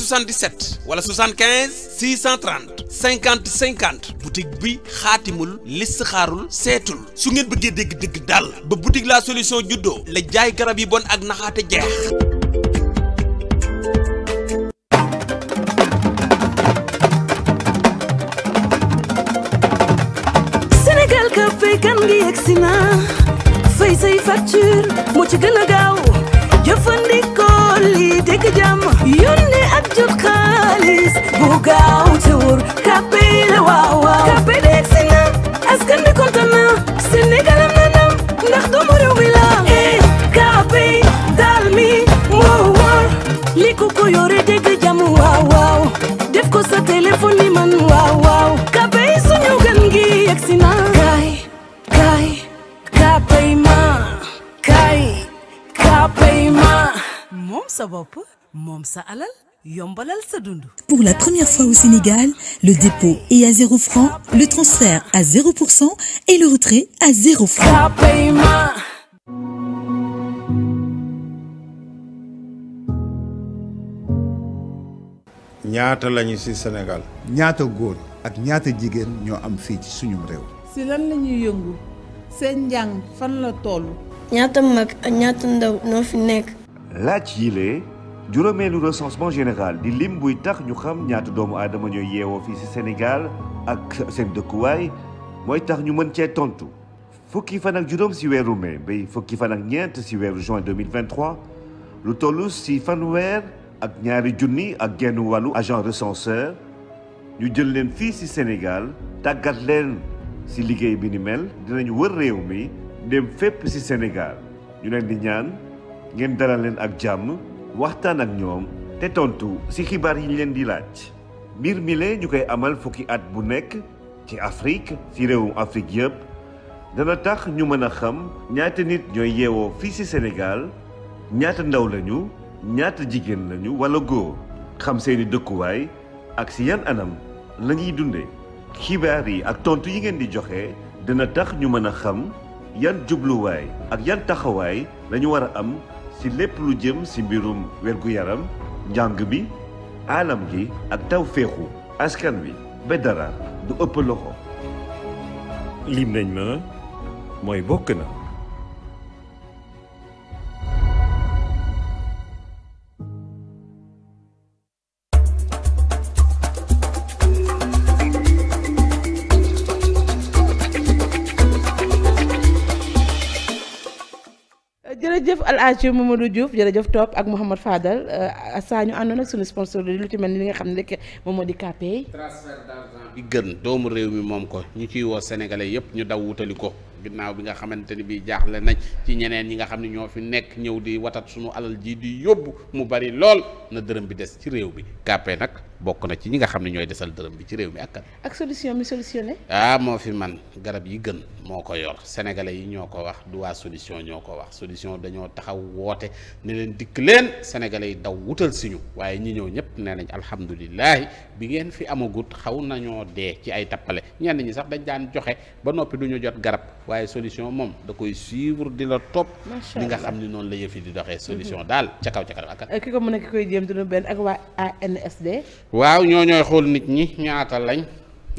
D: 77 wala 75 630 50 50 boutique bi xaatimul listixaarul seetul su ngeen bëggee dégg dëgg daal ba boutique la solution juddoo la jaay garab yi bon ak naxaate jeex.
A: Sénégal ka fay kan ngi yegsi na fay say facture moo ci gën gaaw jëfandikoo lii dégg jàmm yónnee jot xaalis bu gaaw te wóor
E: la waaw waaw kàppe dee si na askan bi kontaan na Sénégal am na ndam ndax doomu réew mi la eh kàppe daal mi moo wóor
A: li ko ko yore dégg waaw waaw def ko sa téléphone ni man waaw
E: waaw kàppe suñu gan gi yegg
A: si na kaay kaay kàppe ma kaay kàppe ma moom sa bopp moom sa alal yombalal sa dund. Pour la première fois au Sénégal, le
G: ñaata lañu ci Sénégal. ñaata góor ak
I: ñaata jigéen ñoo am fii ci suñum réew.
A: ci lan la yëngu seen njàng fan la toll. ñaata mag ak ñaata ndaw noo fi nekk.
I: juróomeelu recensement général di lim buy tax ñu xam ñaata doomu aadama ñooy yeewoo fii ci Sénégal ak seen dëkkuwaay mooy tax ñu mën cee tontu fukki fan ak juróom ci weeru mai bay fukki fan ak ñeent ci weeru juin 2023 lu toll ci weer ak ñaari junni ak genn wàllu agent recenseur ñu jël leen fii ci Sénégal tàggat leen ci liggéey bi ni mel dinañu wër réew mi dem fépp ci Sénégal ñu leen di ñaan ngeen dalal leen ak jàmm waxtaan ak ñoom te tontu ci xibaar yi leen di laaj mbir mi lee ñu koy amal fukki at bu nekk ci Afrique ci réewum Afrique yépp dana tax ñu mën a xam ñaata nit ñooy yeewoo fii ci senegaal ñaata ndaw lañu ñaata jigéen lañu walla góor xam seeni dëkkuwaay ak ci yan anam lañuy dunde xibaar yi ak tontu yi ngeen di joxe dana tax ñu mën a xam yan jubluwaay ak yan taxawaay lañu war a am ci lépp lu jëm ci mbirum wergu-yaram njàng bi alam gi ak tawféexu askan wi ba dara du ëpp loxo lim nañ mooy bokk na
A: Alaaji Mamadou Diouf jërëjëf topp ak Mouhamad Fadal euh, saa ñu àndoon ak suñu sponsor lu ci mel ni li nga xam ne rek moom moo di KPay
J: transfert
F: gën doomu réew mi moom ko ñu ciy woo sénégalais yépp ñu daw wutali ko ginnaaw bi nga xamante ni bii jaaxle nañ ci ñeneen ñi nga xam ne ñoo fi nekk ñëw di watat suñu alal jii di yóbbu mu bari lool na dërëm bi des ci réew bi kàppe nag bokk na ci ñi nga xam ne ñooy desal dërëm bi ci réew mi ak kan.
A: ak solution mi solutionné.
F: ah moo fi man garab yi gën moo ko yor sénégalais yi ñoo ko wax du waa solution ñoo ko wax solution dañoo taxaw woote ne leen dikk leen sénégalais yi daw wutal si ñu waaye ñi ñëw ñëpp nee nañ alhamdulilahi bi ngeen fi amagut xaw nañoo dee ci ay tappale ñenn ñi sax dañ daan joxe ba noppi du ñu jot garab waaye solution moom da koy suivre di la topp. li nga xam ni noonu la yëfi di doxee. solution daal ca kaw ca kaw
A: ki ko mën a ki koy jéem dina benn ak waa ANSD.
F: waaw ñoo ñooy xool nit ñi ñaata lañ.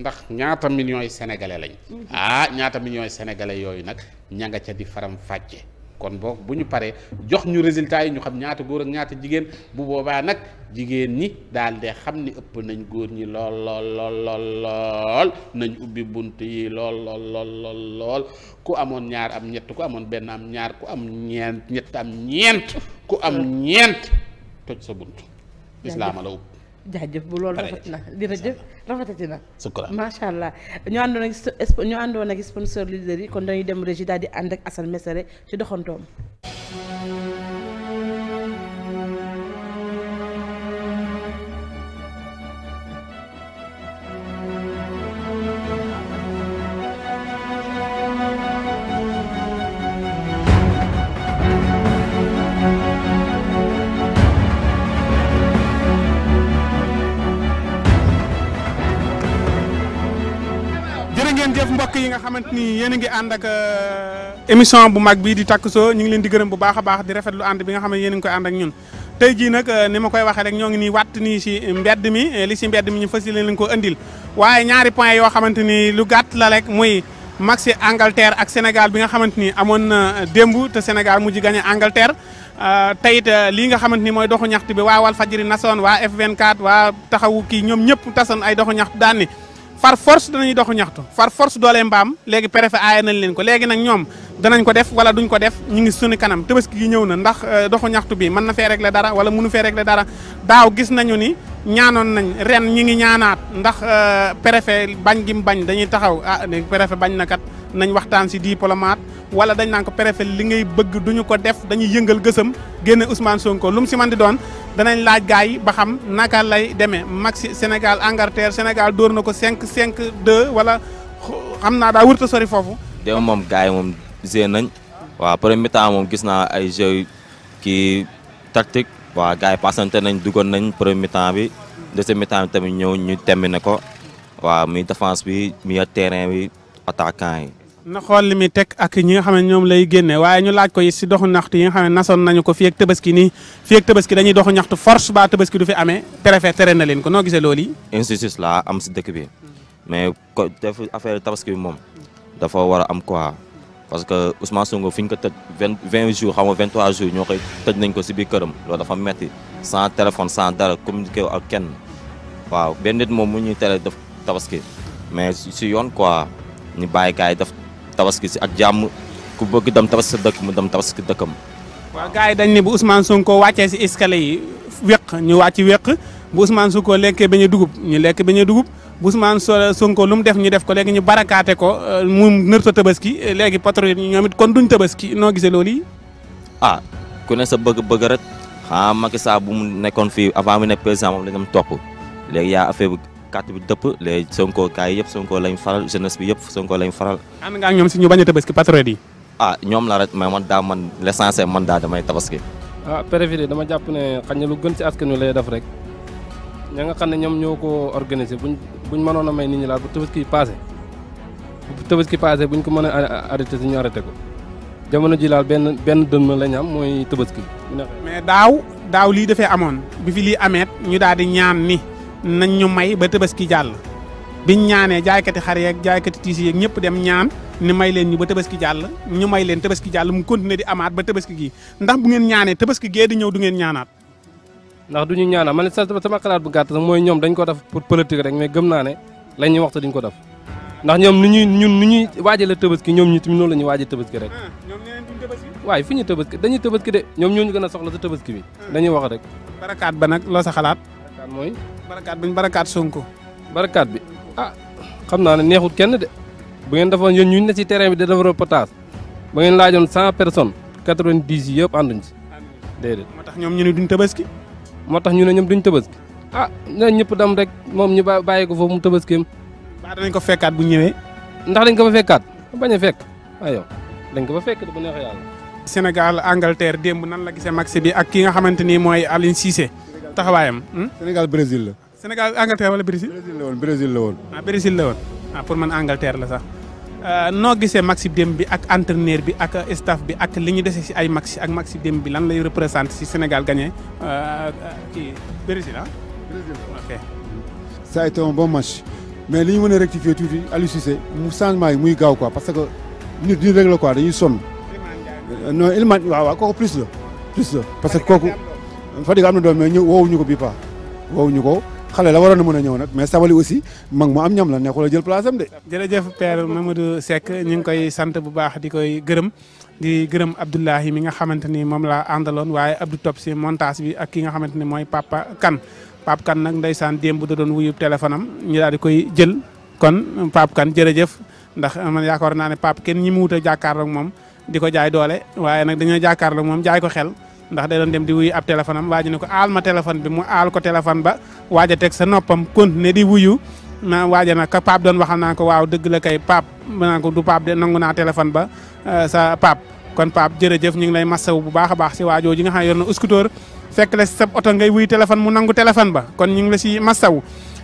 F: ndax ñaata millions yi sénégalais lañ. Mhm. ah ñaata million yi sénégalais yooyu nag ña nga ca di faram fàcce. kon boog bu ñu paree jox ñu résultat yi ñu xam ñaata góor ak ñaata jigéen bu boobaa nag jigéen ñi daal de xam ni ëpp nañ góor ñi lool lool lool lool nañ ubbi bunt yi lool lool lool lool ku amoon ñaar am ñett ku amoon benn am ñaar ku am ñeent ñett am ñeent ku am ñeent toj sa
A: bunt islaama la jëf bu lool rafet na di rajëf rafetati na macha allah ñu àndoon ak ñu àndoon ak sponsor leader yi kon dañuy dem régie daal di ànd ak Assane Mesere ci doxantoom
H: xamante ni yéen a ngi ànd ak euh, émission bu mag bii di takk soo ñu ngi leen di gërëm bu baax a baax di rafetlu ànd bi nga xam ne yéen a ngi koy ànd ñun tey jii nag euh, ni ma koy waxee rek ñoo ngi nii wàtt nii si mbedd mi euh, li si mbedd mi ñu fas leen ko andil waaye ñaari point yoo xamante ni lu gàtt la rek muy match Angleterre ak Sénégal bi nga xamante ni amoon na démb te Sénégal mujj gagné Angleterre teyit lii nga xamante ni mooy doxu ñaxtu bi waa Walfadjri nasoon waa vint 24 waa taxawu kii ñoom ñëpp tasoon ay doxu ñaxtu daan par force danañuy doxu ñaxtu par force doole mbaam léegi préfet aaye nañ leen ko léegi nag ñoom danañ ko def wala duñ ko def ñu ngi sunu kanam tabaski gi ñëw na ndax euh, doxu ñaxtu bi mën na fee rek le dara wala munu fee rek le dara daaw gis nañu ni ñaanoon nañ ren ñi ngi ñaanaat ndax euh, préfet bañ gi mu bañ dañuy taxaw ah bañ na kat nañ waxtaan si diplomate wala dañ naan ko préfet li ngay bëgg duñu ko def dañuy yëngal gësëm génne Ousmane Sonko lu mu si man di doon danañ laaj gaay ba xam naka lay demee maxi Sénégal Angleterre Sénégal dóor na ko 5 5 2 wala xam naa daa sori foofu.
K: dem gisee nañ waaw premier mi moom gis naa ay jeu kii tactique waa gars yi passante nañ duggoon nañ premier mi bi deuxième mi-temps tamit ñëw ñu terminé ko waaw muy défense bi milieu terrain bi attaquant yi.
H: na xool li muy teg ak ñi nga xam ne ñoom lay génne waaye ñu laaj ko si doxu ñaxtu yi nga xam ne nasoon nañu ko fii ak tabaski nii fii ak tabaski dañuy doxu ñaxtu
K: force ba tabaski du amee préfet tere na leen ko noo gisee loolu yi. injustice la am si dëkk bi mais affaire tabaski moom dafa war a am quoi. parce que Ousmane Sonko fi ñu ko tëj vingt vingt jours xam nga vingt trois jours ñoo koy tëj nañ ko si biir këram loolu dafa metti sans téléphone sans dara communiqué ak kenn waaw benn nit moom mu ñuy tere def tabaski mais si yoon quoi ñu bàyyi gars yi def tabaski si ak jàmm ku bëgg dem tabaski sa dëkk mu dem tabaski dëkkam.
H: waaw gars yi dañ ne bu Ousmane Sonko wàccee si escalier yi wéq ñu wàcc wéq. bu Ousmane Sonko lekkee bañ a dugub ñu lekk bañ a dugub bu Ousmane Sonko lu mu def ñu def ko léegi ñu barakaate ko euh, mu nërta tabaski léegi patriote yi ñoom it kon duñ tabaski
K: noo gisee loolu yi. ah ku ne sa bëgg-bëgg rek ah Macky Sall bu mu nekkoon fii avant mu moom la ñu topp léegi yaa affaire bi carte bi dëpp Sonko kaay yëpp Sonko lañ faral jeunesse bi yëpp Sonko lañ faral. ànd nga ak ñoom si ñu bañ a tabaski patriote yi. ah ñoom la rek mais man daa man man daa damay tabaski.
J: ah préféré dama jàpp ne xañ na lu gën si askan wi lay def rek ña nga xam ne ñoom ñoo ko organisé buñ buñ mënoon a may nit ñi laal bu tabaski passé bu tabaski passé buñ ko mën a arrêté si ñu ko jamono ji laal benn benn dënn lañ am mooy tabaski. mais daaw daaw lii dafee amoon
H: bi fi lii ameet ñu daal di ñaan ni nañ ñu may ba tabaski jàll. biñ ñaanee jaaykati xar yeeg jaaykati tiis yeeg ñëpp dem ñaan ni may leen ñu ba tabaski jàll ñu may leen tabaski
J: jàll mu continuer di amaat ba tabaski gi ndax bu ngeen ñaanee tabaski gee di ñëw du ngeen ñaanaat. ndax du ñu ñaanal man sama xalaat bu gàtt mooy ñoom dañ ko def pour politique rek mais gëm naa ne la waxtu duñ ko def ndax ñoom ni ñuy ñun ni ñuy waajale tabaski ñoom ñu tamit noonu la ñuy waaje tabaski rek ah, waaye fi ñu tabaski dañuy tabaski de ñoom ñoo ñu gën a soxla sa ki bi dañuy wax rek barakaat ba nag loo sa xalaat barakaat mooy barakaat buñ barakaat Sonko barakaat bi ah xam naa ne neexut kenn de bu ngeen defoon yéen ñu ne ci terrain bi di def reportage ba ngeen laajoon cent personnes quatre-vingt-dix yi yëpp ànduñ ci déedéet moo tax ñu ne ñoom duñ tëbaski ah na ñëpp dem rek moom ñu bàyyi ko foofu mu tëbaskeem. ba danañ ko fekkaat bu ñëwee. ndax dañ ko fa fekkaat bañ a fekk aywa dañ ko fa fekk ba
H: neexee yàlla. Sénégal Angleterre démb nan la gisee match bi ak ki nga xamante ni mooy Aliou Cissé taxawaayam. Hmm? Sénégal Brésil la. Sénégal Angleterre wala Brésil. Brésil la woon Brésil la woon. ah Brésil la woon ah, man Angleterre la sax. Euh, noo gisee maxi dem bi ak entraîneur bi ak staff bi ak li ñu dese si ay maxi ak maxi dem bi lan lay représenté si Sénégal gagné euh, euh, kii Brésil ah. Brésil ok.
D: ça mais li ñu mën a
H: rectifier tuuti Aliou Cissé mu changement yi muy gaaw quoi parce que nit ñi rek la quoi dañuy sonn. non il man waaw kooku plus la. parce que kooku Fadiga am na doom mais ñëw woowuñu ko bii paa woowuñu ko. xale la waroon na mën a ñëw nag mais Sabaly aussi mag mu am ñam la neexul a jël place de. jërëjëf père Mamadou Seck ñu ngi koy sant bu baax di koy gërëm di gërëm Abdoulahi mi nga xamante ni moom laa àndaloon waaye Abdou Top si montage bi ak ki nga xamante ni mooy Papa Kane Papa Kane nag ndeysaan démb da doon wuyu téléphone am ñu di koy jël kon Papa kan jërëjëf ndax man yaakaar naa ne Papa kenn ñi mu wut a moom di ko jaay doole waaye nag dañoo jàkkaarloog moom jaay ko xel. ndax day doon dem di wuyu ab téléphone am waa ji ne ko aal ma téléphone bi mu aal ko téléphone ba waaj a teg sa noppam continuer di wuyu na waaja nag ka Pape doon waxal naa ko waaw dëgg la kay Pape na ko du paap de nangu naa téléphone ba euh, sa paap kon Pape jërëjëf ñu ngi lay masawu bu baax a baax si waajoo ji nga xam ne yor na uskutóor fekk la sa oto ngay wuyu téléphone mu nangu téléphone ba kon ñu ngi la si masawu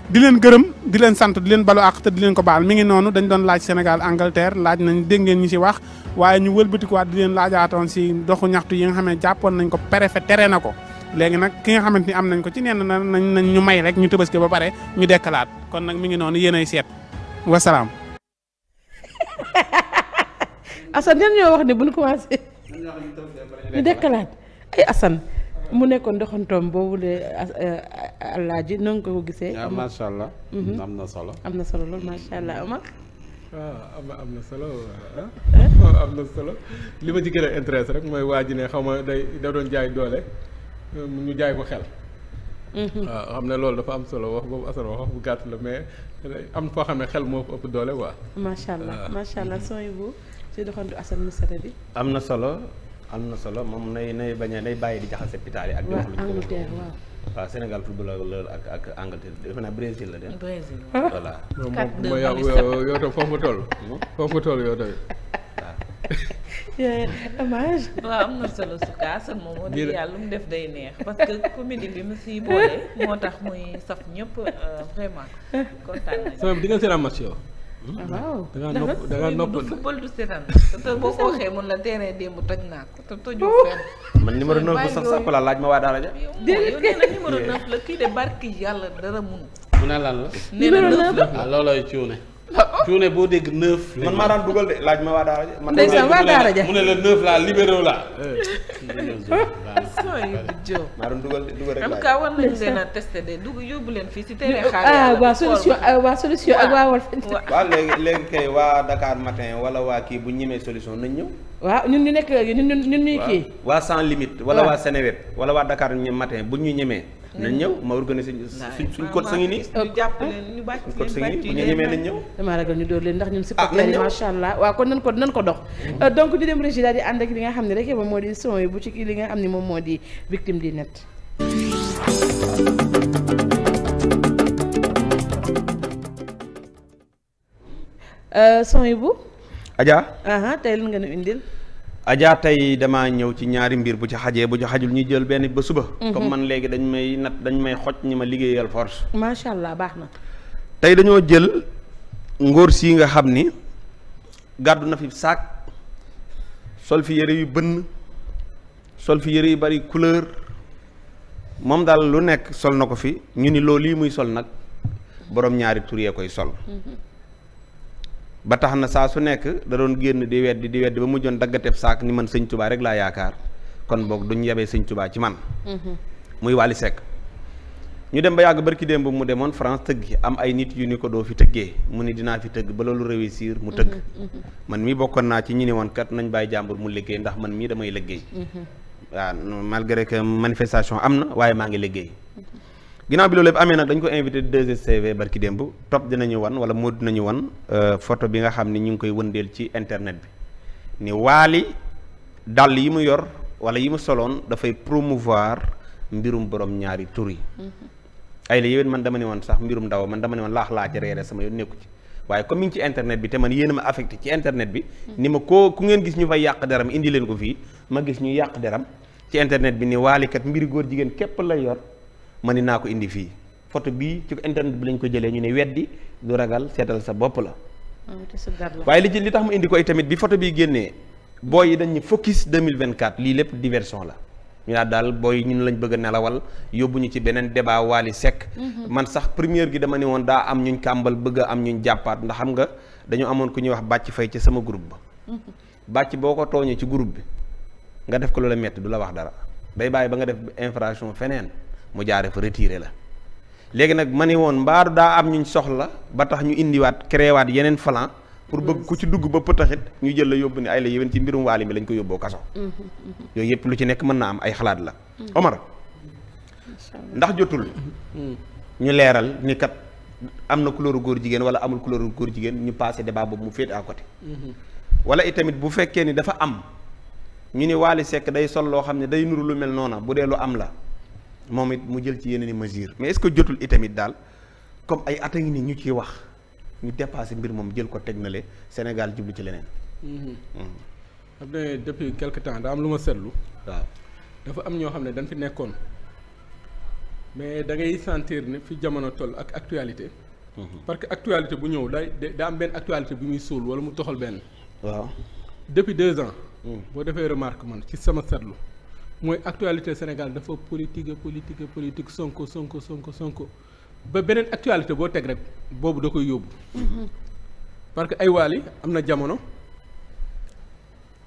H: di leen gërëm di leen sant di leen balu àq te di leen ko baal mi ngi noonu dañ doon laaj Sénégal Angleterre laaj nañ dégg ngeen ñu si wax waaye ñu wëlbatikuwaat di leen laajaatoon si doxu ñaxtu yi nga xam ne jàppoon nañ ko pere préfet tere na ko léegi nag ki nga xamante ni am nañ ko ci neen na nañ ñu may rek ñu tëbaski ba pare ñu dekkalaat kon nag mu ngi noonu yéen ay seet
F: wasalaam.
A: Assane ñoo wax ne bu ñu commencé.
F: ñu dekkalaat
A: ay Assane. mu nekkoon doxantoom boobule euh, alaaji ji nga ko gisee. waaw ah, macha allah. Mhm. am na solo. am na solo loolu macha allah Omar.
B: Ah, am na solo ah, am na solo li ma ci gën a intéressé rek mooy waa ji ne xaw ma day da doon jaay doole ñu jaay ko xel. waaw mhm. xam ne loolu dafa am solo wax boobu asal wax bu gàtt la mais am foo xam ne xel moo ëpp doole waa
A: macha allah macha allah sooy bu ci doxantu asal musara bi.
B: am na
D: solo. am na solo moom nay nay bañ nay bàyyi di jaxase pitaal yi ak. waaw
A: Angleterre waaw.
D: waaw Sénégal football la ak ak Angleterre defe naa Brésil la dem.
A: Brésil voilà.
D: 4 ah. waaw
E: am na solo su kaasa moom wax dëgg yàlla lu mu def day neex parce que comédie bi mu siy boole moo tax muy saf ñëpp euh, vraiment kontaan nañu.
B: sama bi seen match
D: waaw
E: ndax nag
B: du
D: football
E: du seetaan te boo ko waxee mun la terrain démb toj naa ko te tojoo fenn.
D: man numéro 9 bu sax sax la laaj ma waa daara ja.
E: déedéet nee na numéro 9 la kii de barki yàlla dara mun.
F: mu ne lan la. numéro 9 la ah, loolooy cuune.
D: cuune boo dégg neuf. man maa daan dugal de laaj ma waa daara ja. man waa daara ja mu ne la neuf la libéraux la. maa doon dugal dugal rek laaj. en tout cas war nañu
E: leen a testé de dugg yóbbu leen fii si télé ah, xaar ah waa solution waa solution ak waa Walf.
D: waaw léegi léegi kay waa Dakar matin wala waa kii bu ñemee solution nañ ñëw.
E: waaw ñun ñu nekk
A: ñun ñun ñuy kii.
D: waa sans limite. wala waa Seneweb wala waa Dakar matin bu ñu ñemee. nañ ñëw ma organiser suñ suñ code sa ngi nii.
A: ñu bàcc leen code sa ngi nii bu ñemee nañ ñëw. damaa ragal ñu dóor leen ndax ñun. Ah, si nañ ñëw macha allah waaw kon nan ko nan ko dox. Mm-hmm. Euh, donc ñu dem régie daal di ànd ak li nga xam ne rek moom moo di son yi bu ci kii li nga xam ne moom moo di victime di net. Euh, son yi bu. Adja. tey lan nga nu indil.
D: Adja tey damaa ñëw ci ñaari mbir bu ci xajee bu ci xajul ñu jël benn ba suba. Mhm. comme man léegi dañ may nat dañ may xoj ñi ma liggéeyal force.
A: macha allah baax na.
D: tey dañoo jël ngóor sii nga xam ni gàddu na fi saak sol fi yëre yu bënn sol fi yëre yu bari couleur moom daal lu nekk sol na ko fi ñu ni loolu lii muy sol nag borom ñaari tur yee koy sol. Mhm. ba tax na saa su nekk da doon génn di weddi di weddi ba mujjoon daggateeb saak ni man sëñ tubaa rek laa yaakaar kon boog duñ yebee sëñ tubaa ci man mhm. muy Wally Seck ñu dem ba yàgg barki démb mu demoon France tëgg am ay nit yu ni ko doo fi tëggee mu ni dinaa fi tëgg ba loolu réussir mu tëgg mhm, mhm. man mii bokkoon naa ci ñi ne woon kat nañ bàyyi jàmbur mu liggéey ndax man mii damay liggéey waaw malgré que manifestation am na waaye maa ngi liggéey ginnaaw bi loolu yëpp amee nag dañ ko invité 2STV barki démb topp dinañu wan wala moo nañu wan euh, photo bi nga xam ni ñu ngi koy wëndeel ci internet bi ni waali dàll yi mu yor wala yi mu soloon dafay promouvoir mbirum borom ñaari tur yi.
C: Mm-hmm.
D: ay la yéen man dama ne woon sax mbirum ndaw man dama ne woon laax laa ci reere sama yoon nekku ci waaye comme mi ngi ci internet bi te man yéen a ma affecté ci internet bi. Mm-hmm. ni ma koo ku ngeen gis ñu fay yàq deram indi leen ko fii ma gis ñu yàq deram ci internet bi ni waalikat mbiri góor jigéen képp lay yor. man ni naa ko indi fii photo bii ci internet bi lañ ko jëlee ñu ne weddi du ragal seetal sa bopp la. waaye li ci li tax ma indi koy tamit bi photo bi génnee booy yi dañuy focus 2024 lii lépp diversion la. ñu naan daal booy ñun lañ bëgg a nelawal yóbbu ñu ci beneen débat Wally Seck. Mhm. man sax première gi dama ne woon daa am ñuñ kàmbal bëgg a am ñuñ jàppaat ndax xam nga dañoo amoon ku ñuy wax bàcc fay ci sama groupe ba. Mhm. bàcc boo ko tooñee ci groupe bi nga def ko loola metti du la wax dara day bàyyi ba nga def infraction feneen. mu jaare fa retiré la léegi nag ma ne woon mbaaru daa am ñuñ soxla ba tax ñu indiwaat créewaat yeneen falan pour bëgg ku ci dugg ba pëtaxit ñu jël la yóbbu ne ay la yéwén ci mbirum waali mi lañ ko yóbboo kaso yooyu yëpp lu ci nekk mën naa am ay xalaat la Omar ndax jotul ñu leeral ni kat am na couleur góor jigéen wala amul couleur góor jigéen ñu passé débat boobu mu féete à côté wala itamit bu fekkee ni dafa am ñu ni Waly sekk day sol loo xam ne day nuru lu mel noona bu dee lu am la moom it mu jël ci yeneen i mesure mais est-ce que jotul itamit daal comme ay at a ngi ni ñu ciy wax ñu dépassé mbir moom jël ko teg na le Sénégal jublu ci leneen. Mm-hmm. Mm.
B: xam ne depuis quelque temps daa am lu ma seetlu. waaw dafa am ñoo xam ne dañ fi nekkoon mais da ngay sentir ne fi jamono toll ak actualité. Mm-hmm. parce que actualité bu ñëw day daa am benn actualité bu muy suul wala mu toxal benn. waaw depuis deux ans. Mm. boo defee remarque man ci sama seetlu. mooy actualité Sénégal dafa politique politique politique Sonko Sonko Sonko Sonko ba beneen actualité boo teg rek boobu da koy yóbbu. parce que ay waali am na jamono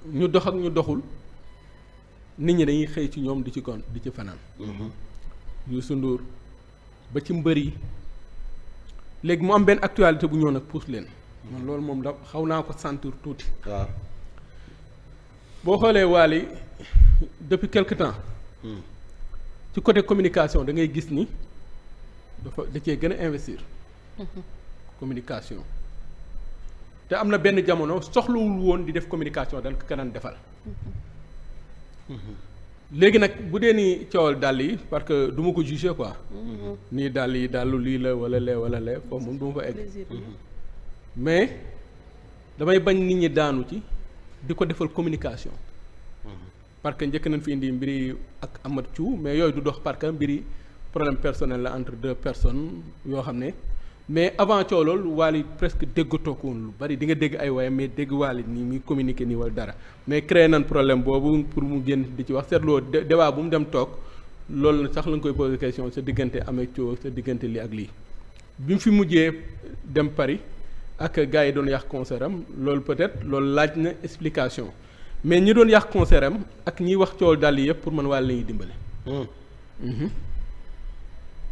B: ñu dox ak ñu doxul nit ñi dañuy xëy ci ñoom di ci kon di ci fanaan. Youssou Ndour ba ci mbër yi léegi mu am benn actualité bu ñëw nag puus leen. man loolu moom da xaw naa ko sentir tuuti. waaw boo xoolee waali depuis quelque temps. ci côté communication da ngay gis ni dafa li cee gën a investir. communication. te am na benn jamono soxlawul woon di def communication dañ ko kanaan defal léegi nag bu dee ni coowal dàll yi parce que du ma ko juger quoi nii dàll yi dàllu lii la wala lee wala lee foofu moom du ma egg mais damay bañ nit ñi daanu ci di ko defal communication parce que njëkk nañ fi indi mbiri ak amat Thiou mais yooyu du dox parce que mbiri problème personnel la entre deux personnes yoo xam ne mais avant coow loolu Wally presque déggatoo ko lu bari di nga dégg ay waaye mais dégg Wally nii muy communiqué nii wala dara mais créé nañ problème boobu pour mu génn di ci wax seetloo débat bu mu dem toog loolu sax la nga koy posé question sa diggante amee Thiou sa diggante lii ak lii bi mu fi mujjee dem Paris ak gars yi doon yàq concert am peut-être loolu laaj na explication mais ñi doon yàq concert am ak ñiy wax cool dàll yi yëpp pour man waa lañuy dimbale. Hmm. Mhm.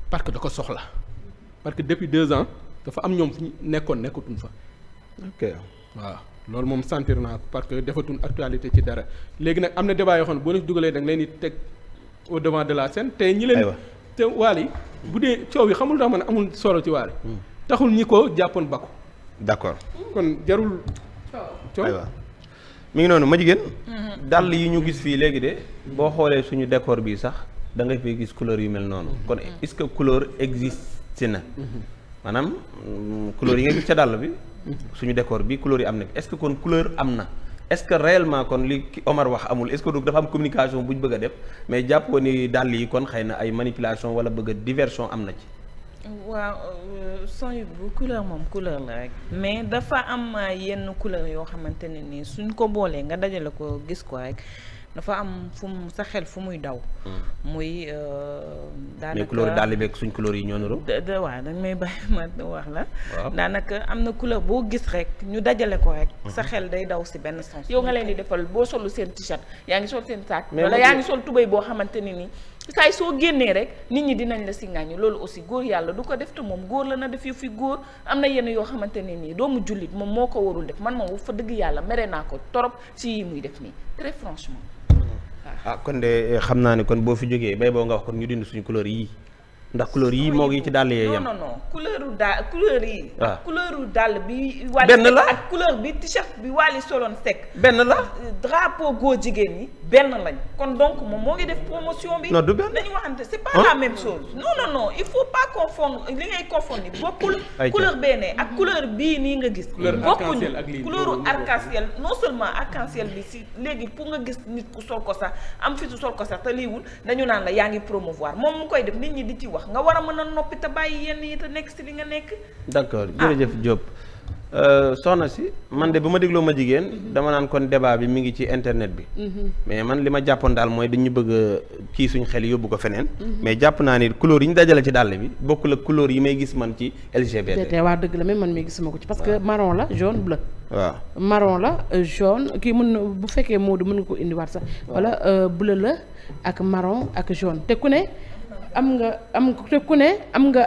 B: parce que da ko soxla parce que depuis deux ans dafa am ñoom fu nekkoon nekkatuñ fa. ok waaw loolu moom sentir naa ko parce que defatuñ actualité ci dara léegi nag am na débat yoo xam ne boo leen dugalee nag nga leen di teg au devant de la scène te ñi leen. te waal yi bu dee coow yi xamul daa man amul solo ci waal yi hmm. taxul ñi ko jàppoon bakku. d'accord kon jarul. coow
D: mi ngi noonu ma jigéen. Mm-hmm. dàll yi ñu gis fii léegi de boo xoolee suñu décor bii sax dangay nga gis couleur yu mel noonu. Mm-hmm. kon est-ce que couleur existe na. Mm-hmm. maanaam mm, couleur yi nga gis ca dàll bi. suñu décor bi couleur yi am na est-ce que kon couleur am na. est-ce que réellement kon li Omar wax amul est-ce que dafa am communication bu bëgg a def mais jàppoo ko ni dàll yi kon xëy na ay manipulation wala bëgg a diversion am na ci.
E: waaw euh, son yu couleur moom couleur la rek mais dafa am euh, yenn couleur yoo xamante ne ni suñ ko boolee nga dajale ko gis ko rek dafa am fu mu sa xel fu muy daw. Mm. muy euh, daanaka mais couleur daal
D: beeg suñ couleur yi ñoo niroo.
E: da waaw dañ may bàyyi ma wax la. daanaka am na couleur boo gis rek ñu dajale ko rek. Mm-hmm. sa xel day daw si benn sens. yow nga leen di defal boo solu seen t-shirt yaa ngi sol seen saak. mais wala yaa ngi sol tubéy boo xamante ne ni. saay soo génnee rek nit ñi dinañ la si ngàññi loolu aussi góor yàlla du ko def te moom góor la na def yu fi góor am na yenn yoo xamante ne nii doomu jullit moom moo ko warul def man moom fa dëgg yàlla mere naa ko torop si yi muy def nii très franchement
D: ah kon de eh, xam naa ne kon boo fi jógee bay boo nga wax kon ñu dindi suñu couleur yii ndax couleur yii moo ngi ci dàll yee yam non
E: non couleuru daal couleur yi waaw ah. dàll bi wàlli benn la ak couleur bi t-shirt bi wàlli soloon sec benn la drapeau góor jigéen ñi benn lañ kon donc moom moo ngi def promotion bi. non du benn dañu waxante c'est pas la même chose. non non non il faut pas confondre li ngay confondre ni bokkul. couleur benee ak mm-hmm. couleur bii nii nga gis. couleur arc-en-ciel ak lii couleur arc-en-ciel non seulement arc en bi si léegi pour nga gis nit ku sol ko sax am fi su sol ko sax te liiwul dañu naan la yaa ngi promouvoir moom mu koy def nit ñi di ci wax nga war a mën a noppi te bàyyi yenn yi te nekk si li nga nekk.
D: d'accord jërëjëf ah. Diop. Euh, soxna si man de bu ma dégloo ma jigéen mhm. dama naan kon débat bi mi ngi ci internet bi mhm. mais man li ma jàppoon daal mooy dañu bëgg a kii suñ xel yóbbu ko feneen mhm. mais jàpp naa ni couleur yi ñu dajale ci dàll bi bokkul ak couleur yi may gis man ci LGBT
A: waa dëgg la mais man may gisuma ko ci parce que marron la jaune bleu waaw marron la euh, jaune kii mën na bu fekkee moo Modou mën nga ko indiwaat sax wala euh, bleu la ak marron ak jaune te ku ne am nga am te ne am nga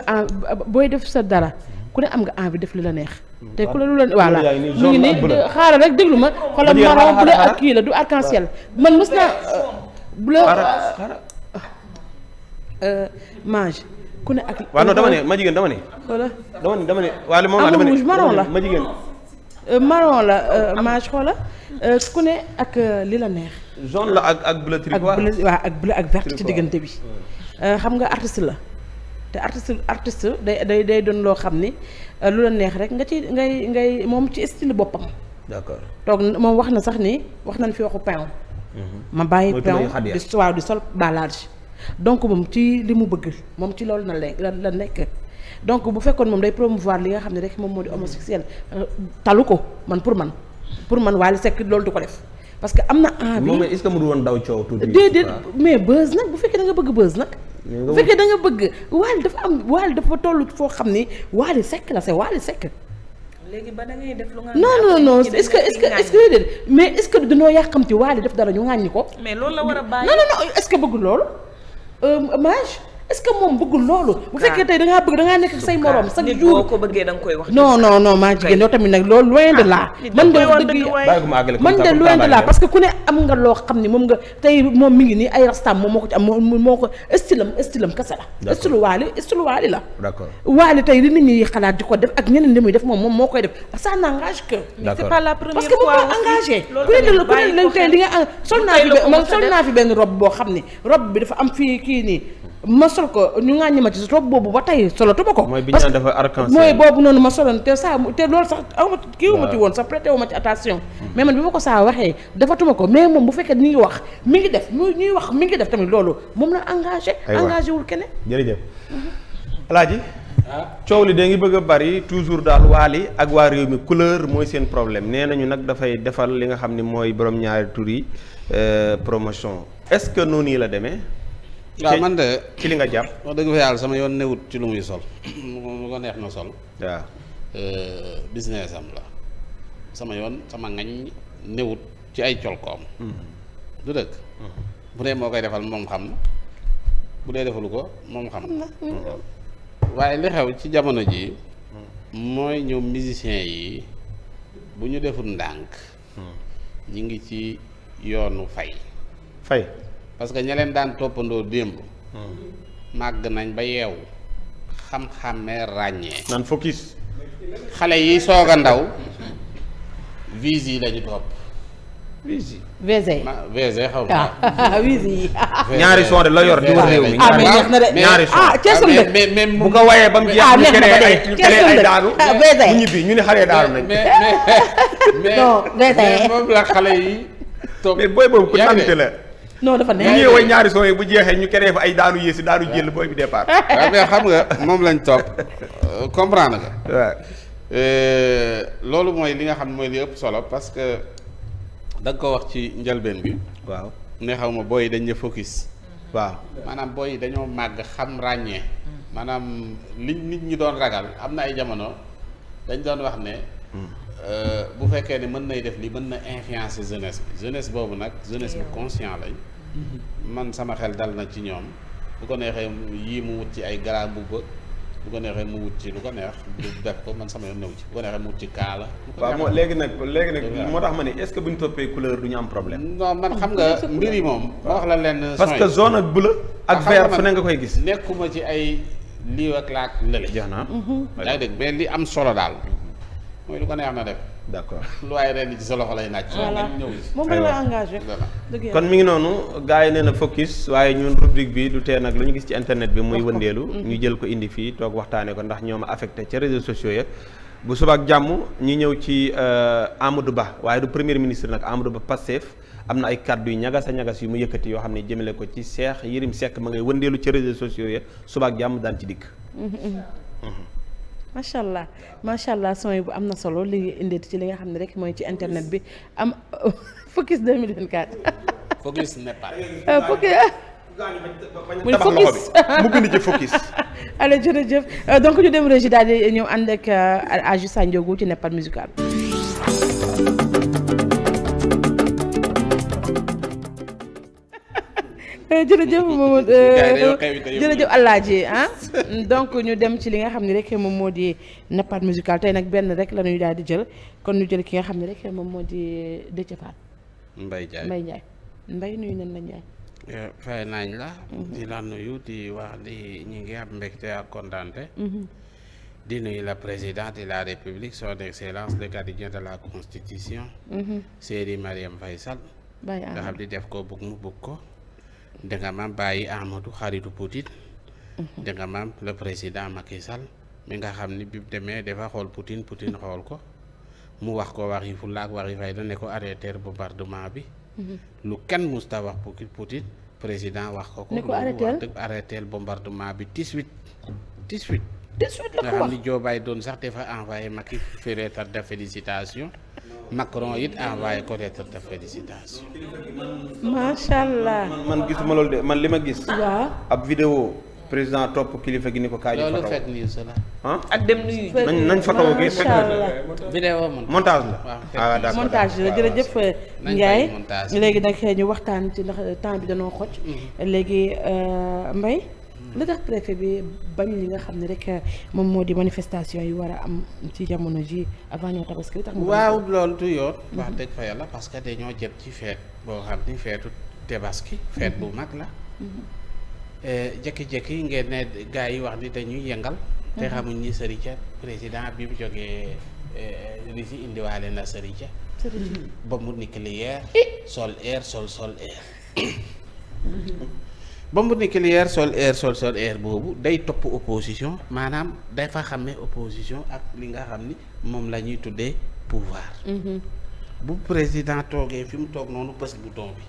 A: booy def sa dara ku am nga envie la neex te ku la lu leen voilà mu ngi nii xaaral rek déglu ma xoolal marron bleu ak kii la du arc man mës naa euh, bleu euh, euh, mange ku
D: ne ak waaw non dama ne ma jigéen dama ne xoola dama ne dama ne waaye la ma jigéen
A: marron la mange xoola ku ne ak li la neex
D: zone la ak ak bleu tricoire waaw
A: ak bleu ak vert ci diggante bi xam nga artiste la te artiste artiste day day day doon loo xam ni euh, lu la neex rek nga ci ngay ngay moom ci style boppam. d'accord toog moom wax na sax ni wax nañ fi waxu pain. Mm-hmm. ma bàyyi pain di waaw di sol balage donc moom ci li mu bëgg moom ci loolu na la la nekk. donc bu fekkoon moom day promovoir li nga xam ne rek moom moo di homosexuel euh, talu ko man pour man pour man Wally Seck loolu du ko def. parce que am na envie. moom est-ce que
D: woon daw coow tuuti. déedéet
A: mais buzz nag bu fekkee da nga bëgg buzz nag. bu fekkee da nga bëgg Wally dafa am Wally dafa toll foo xam ni Wally Seck la c'est Wally Seck.
E: léegi ba da ngay def lu nga. non non non que est-ce que
A: est-ce que déedéet mais est yàqamti Wally def dara ñu ŋàññi
E: ko. mais loolu la war a bàyyi. non non non
A: est-ce loolu hommage. Euh, est-ce que moom bëggul loolu. bu fekkee tey da ngaa bëgg da ngaa nekk say morom. chaque jour boo ko bëggee maa jigéen yow tamit nag loolu loin de ah, man de dëgg man parce que ku ne am nga loo xam ne moom nga tey moom mi ngi nii ay rastaam moom la. estilu waali estilu waali la. d'accord ko def ak ñeneen def moom moom moo koy def ça n'engage que.
E: c'est pas la première fois parce que ku ne ku tey di nga ah, sol naa fi
A: benn robe boo xam ne robe bi dafa am fii kii nii ma sol ko ñu ŋàññi ma ci sa robe boobu ba tey solatuma ko. mooy bi ñu dafa arc-en-ciel mooy boobu noonu ma soloon te saa te loolu sax aw kii wu ma woon sax prêté wu ma ci attention. Mm. mais man bi ma ko saa waxee defatuma ko mais moom bu fekkee ni ngi wax mi ngi def mu ñuy wax mi ngi def tamit loolu moom la engagé. engagé wul keneen. jërëjëf mm-hmm.
D: Alaaji. Ah. coow li da ngi bëgg a bari toujours daal waali ak waa réew mi couleur mooy seen problème nee nañu nag dafay defal li nga xam ni mooy borom ñaari tur yi euh, promotion est-ce que noonu la demee. waaw man de ci li nga jàpp wax dëgg fa yàlla sama yoon newut ci lu muy sol
F: mu ko neex na sol
D: waaw euh, business
F: la sama yoon sama ngañ newut ci ay colkoom mm-hmm. du dëkk mm-hmm. bu dee moo koy defal moom xam na bu dee defalu ko moom xam na mm-hmm. waaye li xew ci jamono ji mooy ñëw musiciens yi bu ñu deful ndànk ñu ngi ci yoonu fay fay parce que ña leen daan toppandoo démb. Hmm. màgg nañ ba yeewu xam-xamee ràññee. naan focus. xale yi soog a ndaw. vise yi la ñu topp.
A: vise ah, yi. vise ma ñaari
D: son de la yor di wër réew mi. ah neex na de ñaari son de. Ah, ah, mais mais ñu keneen ay daaru. vise mais mais mais moom la xale yi. topp booy boobu ku nante la.
A: non dafa neex ñu way
D: ñaari sooy bu jeexee ñu créé fa ay daanu yéesi daanu jël booy bi départ. waaw mais xam nga moom lañ topp
F: euh, comprendre nga. Euh, loolu mooy li nga xam ne mooy li ëpp solo parce que da nga ko wax ci njëlbeen bi. waaw ne xaw ma booy dañ ne focus. Mm-hmm. waaw maanaam booy yi dañoo màgg xam ràññee. Mm-hmm. maanaam li nit ñi doon ragal am na ay jamono dañ doon wax ne. Mm-hmm. Euh, bu fekkee ne mën nay def li mën na influencer jeunesse bi jeunesse boobu nag jeunesse bu conscient lañ. man sama xel dal na ci ñoom bu ko neexee yii mu wut ci ay garabu bëgg bu ko neexee mu wut ci lu ko neex du def ko man sama yoon néew ci bu ko neexee mu wut ci kaala.
D: waaw moo léegi nag léegi moo tax ma ne est-ce que bu ñu toppee couleur du ñu am problème. man xam nga mbir yi moom.
F: ma wax la lenn parce que zone
D: ak bleu ak vert fu ne nga koy gis. nekkuma ci ay
F: lii ak laak lële. jox naa. Mhm. yaa ngi dégg mais li am solo daal mhm. mooy lu ko neex
D: na def. d' accord lu waay ren ci sa loxo lay naaj. kon mi ngi noonu gars yi nee na focus waaye ñun rubrique bi du tee nag lu ñu gis ci internet bi muy wëndeelu. Mm-hmm. ñu jël ko indi fii toog waxtaanee ko ndax ñoom affecté ca réseaux sociaux ya bu subaak jàmm ñu ñëw ci euh, Amadou Ba waaye du premier ministre nag Amadou Ba Pastef am na ay kàddu yu ñagas a ñagas yu mu yëkkati yoo xam ne jëmale ko ci Cheikh Yérim Seck ma ngay wëndeelu ca réseaux sociaux ya subaak jàmm daan ci dikk. Mm-hmm. Mm-hmm.
A: macha allah macha allah son bu am na solo li indeeti ci li nga xam ne rek mooy ci internet bi am focus 2024.
D: focus n'est pas. muy euh, focus mu bind ci focus.
A: allez jërëjëf euh, donc ñu dem régie daal di ñëw ànd ak euh, Aji Sanjogu ci Nepad musical. jërëjëf moom euh, jërëjëf Alaaji ah donc ñu dem ci li nga xam ne rek moom moo di nappaat musical tey nag benn rek la ñuy daal di jël kon ñu jël ki nga xam ni rek moom moo di euh, Déthié Fall.
F: Mbaye Ndiaye Mbaye
A: Ndiaye Mbaye nuyu nañ
F: euh, fay nañ la. Mhm. di la nuyu di wax di ñu ngi am mbégte ak kontaante. Mhm. di nuyu la présidente de la république son excellence le gardien de la constitution. Mhm. Serigne Mariam Faye Sall. nga xam di def ko bugg mu bugg ko. danga maam bàyyi Amadou xaritu Poutine. Mhm. danga maam le président Macky Sall mi nga xam ni bi mu demee dafa xool Poutine Poutine xool ko mu wax ko wax yi fu laak wax yi fay da ne ko arrêter bombardement bi. Mhm. lu kenn musta wax Poutine président wax ko ko. ne ko arrêter bombardement bi 18
A: 18. 18 la ko wax nga xam ni
F: Joe doon sax dafa envoyé Macky fii lettre de félicitation. Macron it envoyé ko lettre de félicitation.
A: macha allah.
D: man gisuma loolu de man li ma gis. waaw ab vidéo président topp kilifa gi ni ko kaay. loolu
A: ak dem nuyu. nañ nañ photo gi fekk na vidéo
D: montage la waaw ah, d'accord montage la jërëjëf Ndiaye léegi
A: nag ñu waxtaan ci ndax temps bi danoo xoj mm-hmm. léegi euh, mbay li tax préfet bi bañ li nga xam ne rek euh, moom moo di manifestation yi war a am ci jamono ji avant ñoo tabaski li tax waaw
F: loolu du yoon mhm. wax dëgg fa yàlla parce que dañoo jëm ci feet boo xam ni feetu tabaski feet bu mhm. mag la mhm. euh, jékki-jékki ngeen ne gars yi wax ni dañuy yëngal te xamuñ ni sërica président bi mu jógee euh, li si indiwaale na sërica ba mu nucléaire eh! sol air sol sol air bombe nucléaire sol air sol sol air boobu day topp opposition maanaam day fa xàmmee opposition ak li nga xam ni moom la ñuy tuddee pouvoir. Mhm. bu président toogee fi mu toog noonu bés bu doom bi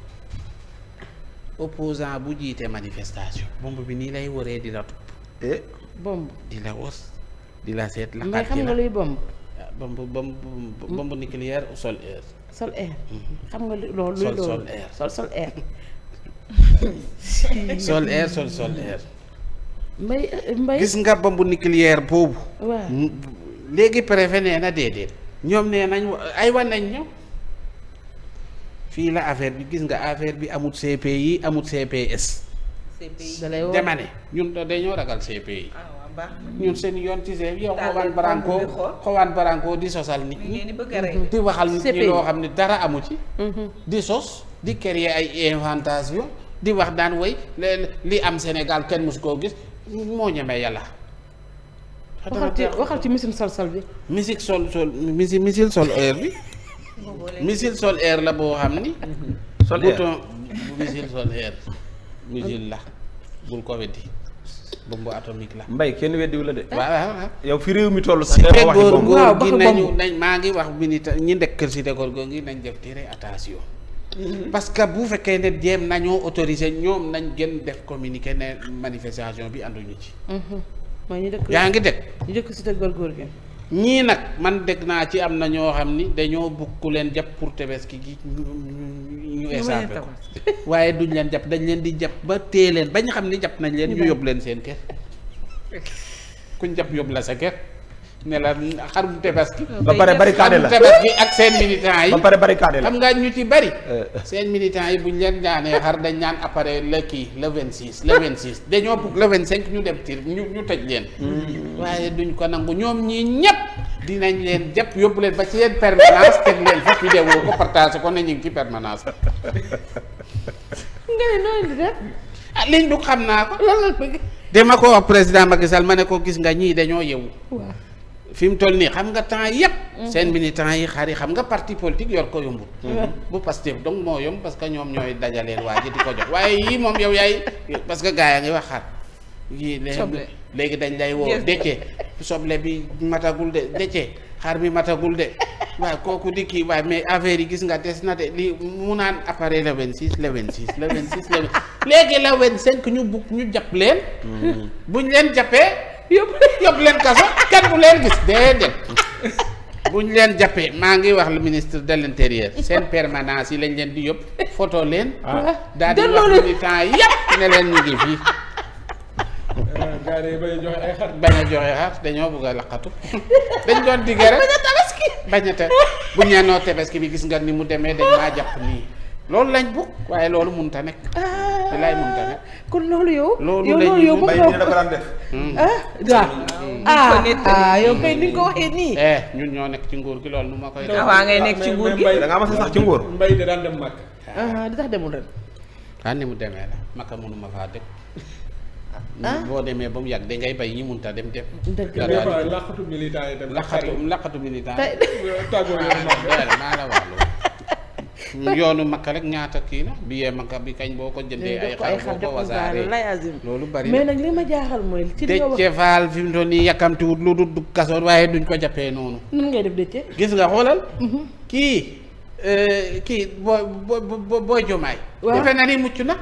F: opposant bu jiite manifestation bomb bi nii lay waree dina la topp. Eh? bomb di la was di la seet. la xam nga luy ah, bomb. bomb bomb bomb nucléaire sol air. sol air. Mhm.
E: xam nga loolu luy loolu sol sol air. sol air. sol air sol sol air. mbay
A: mbay gis
F: nga bombu nucléaire boobu. waaw léegi préfet nee déedéet. ñoom nee nañ ay wan nañ fii la affaire bi gis nga affaire bi amut CPI amut CPS.
A: CPI dama ne
F: ñun dañoo ragal CPI. Ah, ñun seen yoon ci seen yow xawaan baranko xawaan baranko di sosal nit ñi di waxal ñi loo xam ne dara amu ci. Mhm. di sos. di créer ay inventation di wax daan way li am Sénégal kenn mësu koo gis moo ñemee yàlla. waxal ci
A: waxal ci missile sol sol bi.
F: missile sol sol missile sol air bi. missile sol air la boo xam ni. sol air bouton missile la bul ko weddi. bombe atomique
D: la. mbay kenn weddiwu la de. waaw yow fi réew mi toll sax. cité góor góor gi nañu nañ maa ngi
F: wax minita ñi nekk cité góor góor gi nañ def tere attention. Mhm. parce que bu fekkee ne jéem nañoo autorisé ñoom nañ gën def communiqué ne manifestation bi ànduñu ci.
A: Mhm. mooy ñu dëkk yaa ngi dégg. ñu dëkk si góorgóor gi.
F: ñii nag man dégg naa ci am na ñoo xam ni dañoo bukk leen jàpp pour Tabaski gi ñu échappé ko waaye duñ leen jàpp dañ leen di jàpp ba téye leen bañ xam ni jàpp nañ leen ñu yóbbu leen seen kër kuñ jàpp yóbbu la sa kër. ne la xarum tabaski. ba pare barricade la tabaski ak seen militants yi. la xam nga ñu ci bari. Euh. seen militants yi bu ñu leen ñaanee xar dañ naan après le kii le 26 le 26 dañoo bugg le 25 ñu dem tir ñu ñu tëj leen. Hmm. waaye duñ ko nangu ñoom ñii ñëpp dinañ leen jëpp yóbbu leen ba ci leen permanence teg leen fa vidéo ko partage ko ne ñu ngi ci permanence. nga ne noonu ah, liñ du xam naa ko loolu la bëgg. dama ko wax président Macky ma ne ko gis nga ñii dañoo yeewu. fi mu toll nii xam nga temps yëpp. Mhm. seen militants yi yi xam nga parti politique yor ko yombul. Mhm. bu Pastef donc moo yomb parce que ñoom ñooy dajaleen waa ji di ko jox waaye yii moom yow yaay parce que gars yaa ngi wax xar. yii léegi dañ lay woo dëcce soble bi matagul de dëcce xar bi matagul de waaye kooku di kii waaye mais affaire yi gis nga des na de lii mu naan appareil le vingt six le vingt six la vingt six le léegi le vingt cinq ñu bugg ñu jàpp leen. Mhm. buñ leen jàppee. yóbbu yóbbu leen kaso kenn bu leen gis déedéet bu ñu leen jàppee maa ngi wax le ministre de l' intérieur seen permanence yi lañ leen di yóbbu photo leen. Ah. daal di wax militant yëpp ne leen ñu ngi fii.
B: Euh,
F: bañ a joxe xar. a dañoo bëgg a laqatu dañ doon diggee bañ a tabaski. bañ a bu ñu nee noo tabaski bi gis nga ni mu demee dañ maa jàpp nii. loolu lañ bugg waaye loolu mënut a nekk. ah laay mënut nekk.
A: kon loolu yow. loolu yow loolu yow bëgg na ko def.
F: Hmm. ah hmm. ah ah yow kay ni nga waxee nii. Eh, ñun ñoo nekk ci nguur gi loolu nu ma koy. def ngay nekk ci nguur gi da ngaa a ci nguur. mbay da daan dem màkk. ah di ni mu demee la màkka mënu ma faa dëkk. Ah. Hmm, boo demee ba mu yàgg da ngay bay ñi munta dem dem. dëgg la
B: laqatu militant yi dem. laqatu
F: laqatu militant la wax loolu. yoonu makka rek ñaata kii la billet makka
A: bi kañ boo ko jëndee. ay xar boo ko wasaaree loolu bari mais nag li ma jaaxal mooy. ci li nga wax Déthié
F: Fall fi mu toll nii yàkkamtiwut lu du dugg kasoon waaye duñ ko jàppee noonu.
A: nan ngay def Déthié.
F: gis nga xoolal. Mhm. kii euh, kii booy booy booy jomaay. waaw defe na ni mucc na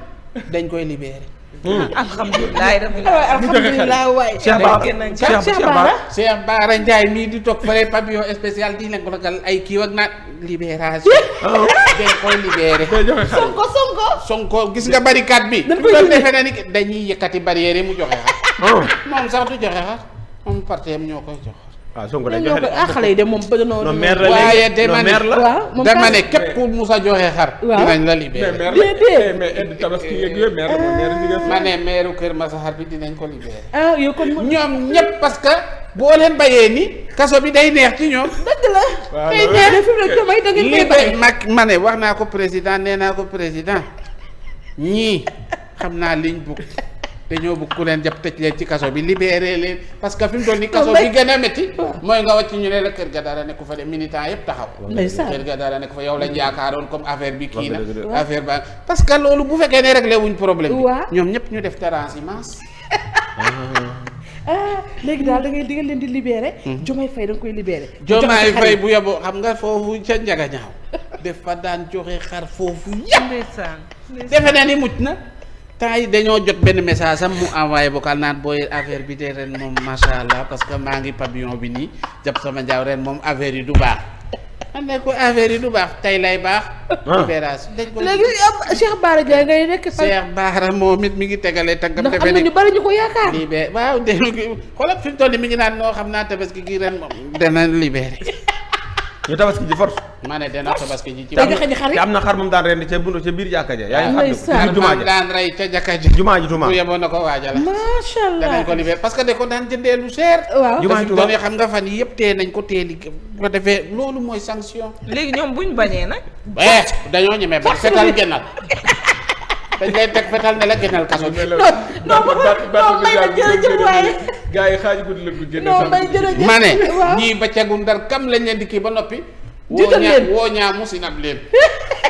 F: dañ koy libéré. Hmm. alhamdulilah rabbil alhamdulilah waay. Cheikh Bara Cheikh Bara Cheikh Bara Ndiaye mii di toog fële pavillon spécial di leen ko ragal ay kii ak naat libération. Oh. dañ koy libéré. sonko sonko. sonko gis nga barricade bi. dañ koy defee na ni dañuy yëkkati barrière mu joxe xar. Oh. moom sax du joxe xar moom parteem ñoo koy jox.
D: waaw ah, Sonko day joxe ah, yi
F: de moom bëgg na. la waaye de man waaw dama ne képp ku Moussa joxe xar. waaw dinañ la libéré. déedéet eh, mais aide ma ne maire bi dinañ ko libéré. Ah, ñoom ñëpp parce que boo leen bayee ni kaso bi day neex ci ñoom. dëgg la. bay. mag ma ne wax naa ko président nee naa ko président ñii xam naa liñ bugg. dañoo bëgg ku leen jàpp tëj leen ci kaso bi libéré leen parce que fi mu toll nii kaso bi gën a métti mooy nga wàcc ñu ne la kër ga dara nekku fa de militant yëpp taxaw kër yow lañ mm. yaakaaroon comme affaire bi kii na affaire ba parce que loolu bu fekkee ne réglé problème bi ñoom ñëpp ñu def
A: transhumance ah léegi daal da ngay di leen di libéré. Mm. Jomay Faye da nga koy libéré. Jomay Faye
F: bu yeboo xam nga foofu ca njaga ñaaw. def fa daan joxe xar foofu
A: yàpp. ndeysaan
F: defe naa ni na. temps yi dañoo jot benn message am mu envoyé vocal naan booy affaire bi de ren moom macha allah parce que maa ngi pavillon bi nii jàpp sama njaaw ren moom affaire yi du baax man ne ko affaire yi du baax tey lay baax. Ah. opération dañ ko léegi ah, Cheikh Baara Ndiaye ngay nekk. Cheikh Baara moom it mi ngi tegale tàggam. defe am na ñu bari ñu ko yaakaar. libéré waaw de xoolal fi mu mi ngi naan noo xam naa ki gi ren moom naa libéré. ñu tabaski ji force. ma ne dana tabaski ji ci. te am na xar moom daan rey ca jàkka ja. jumaa ji tuuma bu yemoon na ko waajal. macha allah danañ ko parce que da ko daan jëndee lu seer. waaw jumaa ji tuuma dañuy xam nga fan yii yëpp tee nañ ko teeli ko defee loolu mooy
E: sanction. léegi ñoom buñ bañee nag.
F: Eh, dañoo ñemee bañ setal gennal dañ lay teg fetal ne la génnal kaso bi. non non non may la jërëjëf waaye. gaa yi ñii ba cegu ndar kam lañ leen di kii ba noppi. jiital leen woo ñaa mu sinab leen.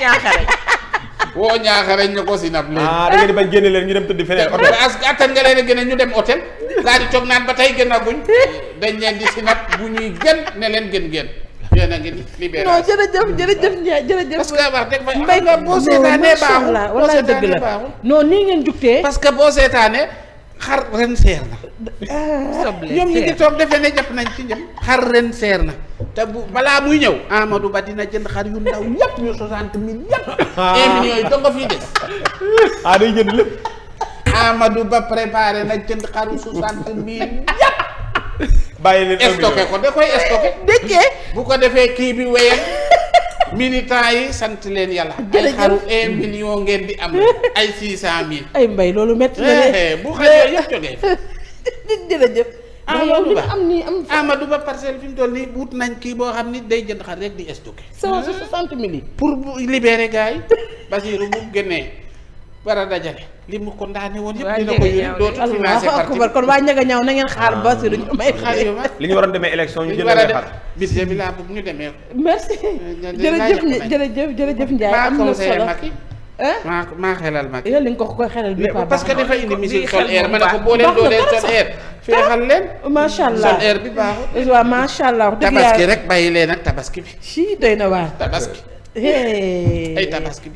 F: ñaaxare. woo ñaaxare ñu ko sinab
D: leen. ah da ngeen di bañ génne leen ñu dem tëdd feneen hôtel.
F: as attan nga leen a génne ñu dem hôtel. daa di toog naan ba tey gën a guñ dañ leen di sinab bu ñuy gën ne leen gën gën yéen a ngi libéré. non
A: jërëjëf jërëjëf jërëjëf. parce que wax dëgg fa mbay
F: nga nii ngeen jugtee. parce que boo seetaanee xar ren seer na. Ah, ñoom ñi ngi toog defe ne jàpp nañ ci ñoom. xar ren seer na te bu balaa muy ñëw. Amadou Ba dina jënd xar yu ndaw yëpp yu 60 mille yëpp.
G: Ah. un million yi dong fii des. ah day jënd lépp.
F: Amadou Ba préparé na jënd xaru 60 mille yëpp.
D: bàyyi leen stocké ko
F: da koy stocké. dëkkee bu ko defee kii bi wéyal. militants yi sant leen yàlla. jërëjëf ay xaru un million ngeen di am
A: ay six cent mille. ay mbay loolu métti na de. Eh, bu xasee yëpp jógee.
F: jërëjëf. Amadou ah, Ba am
A: nii am. Amadou
F: Ba parcelle fi mu toll nii wut nañ kii boo xam ni day jënd xar rek di stocké. cent soixante mille. pour libérer gars yi Basirou bu génnee. war a dajale li mu ko ndaane woon yëpp dina ko yónni dootu financé parti bi
A: kon waa ñaga ñaaw na ngeen xaar ba si duñu may xaar yu ma
D: li ñu waroon demee élection ñu jëlee xar budget bi laa bëgg ñu demee ko
A: merci jërëjëf jërëjëf jërëjëf Ndiaye am na solo
F: maa maa xelal Macky yow li nga ko koy xelal bi parce que dafa indi misil sol air ma ne ko boo leen doo leen sol air feexal leen
A: macha allah sol air bi baaxul waaw macha allah tabaski rek
F: bàyyi leen ak tabaski bi
A: si doy na waar tabaski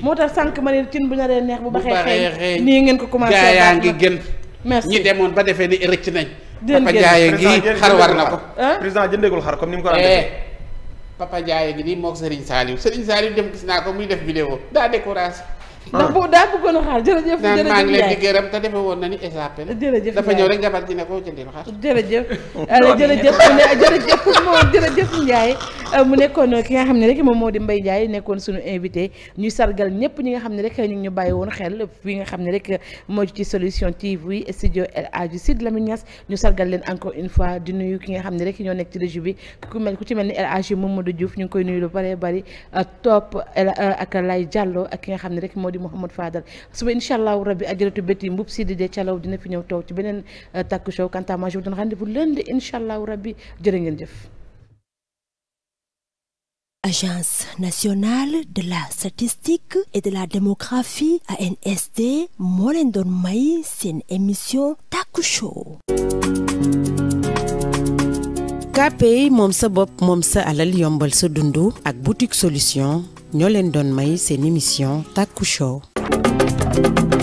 A: moo tax sànq ma ne cin bu naree neex bu baxee xëy nii ngeen ko commencé gaa yaa
F: ngi gën merci ñi demoon ba defee ni rëcc nañ papa jaaye ngi xar war na ko président jëndeegul xar comme ni mu ko daan eh, papa jaaye ngi nii mook Serigne Saliou Serigne Saliou dem gis naa ko muy def vidéo daa découragé Ah. ndax boo daa bëggoon
A: a xaar jërëjëf. jërëjëf maa ngi leen di
F: gërëm woon na ni échappé. jërëjëf dafa ñëw rek jabar ji ne ko jëndil xaar.
A: jërëjëf euh, mu nekkoon ki nga xam ne rek moom moo di Mbaye Ndiaye nekkoon suñu invité ñuy sargal ñëpp ñi nga xam ne rek ñu ngi ñu bàyyi woon xel fi nga xam ne rek moo ci solution TV studio El Hadji Sid Lamine Niass ñu sargal leen encore une fois di nuyu ki nga xam ne rek ñoo nekk ci région bi ku mel ku ci mel ni El Hadji Mamadou Diouf ñu ngi koy nuyu lu bare bari euh, topp euh, ak lay jàlloo ak ki nga xam ne rek moo di Mouhamad Fadal suba incha allahu rabbi ajaratu béti mbub si dee calaw dina fi ñëw taw ci beneen euh, takku show quant à moi je vous donne rendez-vous lundi incha allahu rabbi jërë ngeen jëf moo leen doon may seen émission Taku Show KPI sa bopp ak boutique solution ñoo leen doon may seen émission Taku Show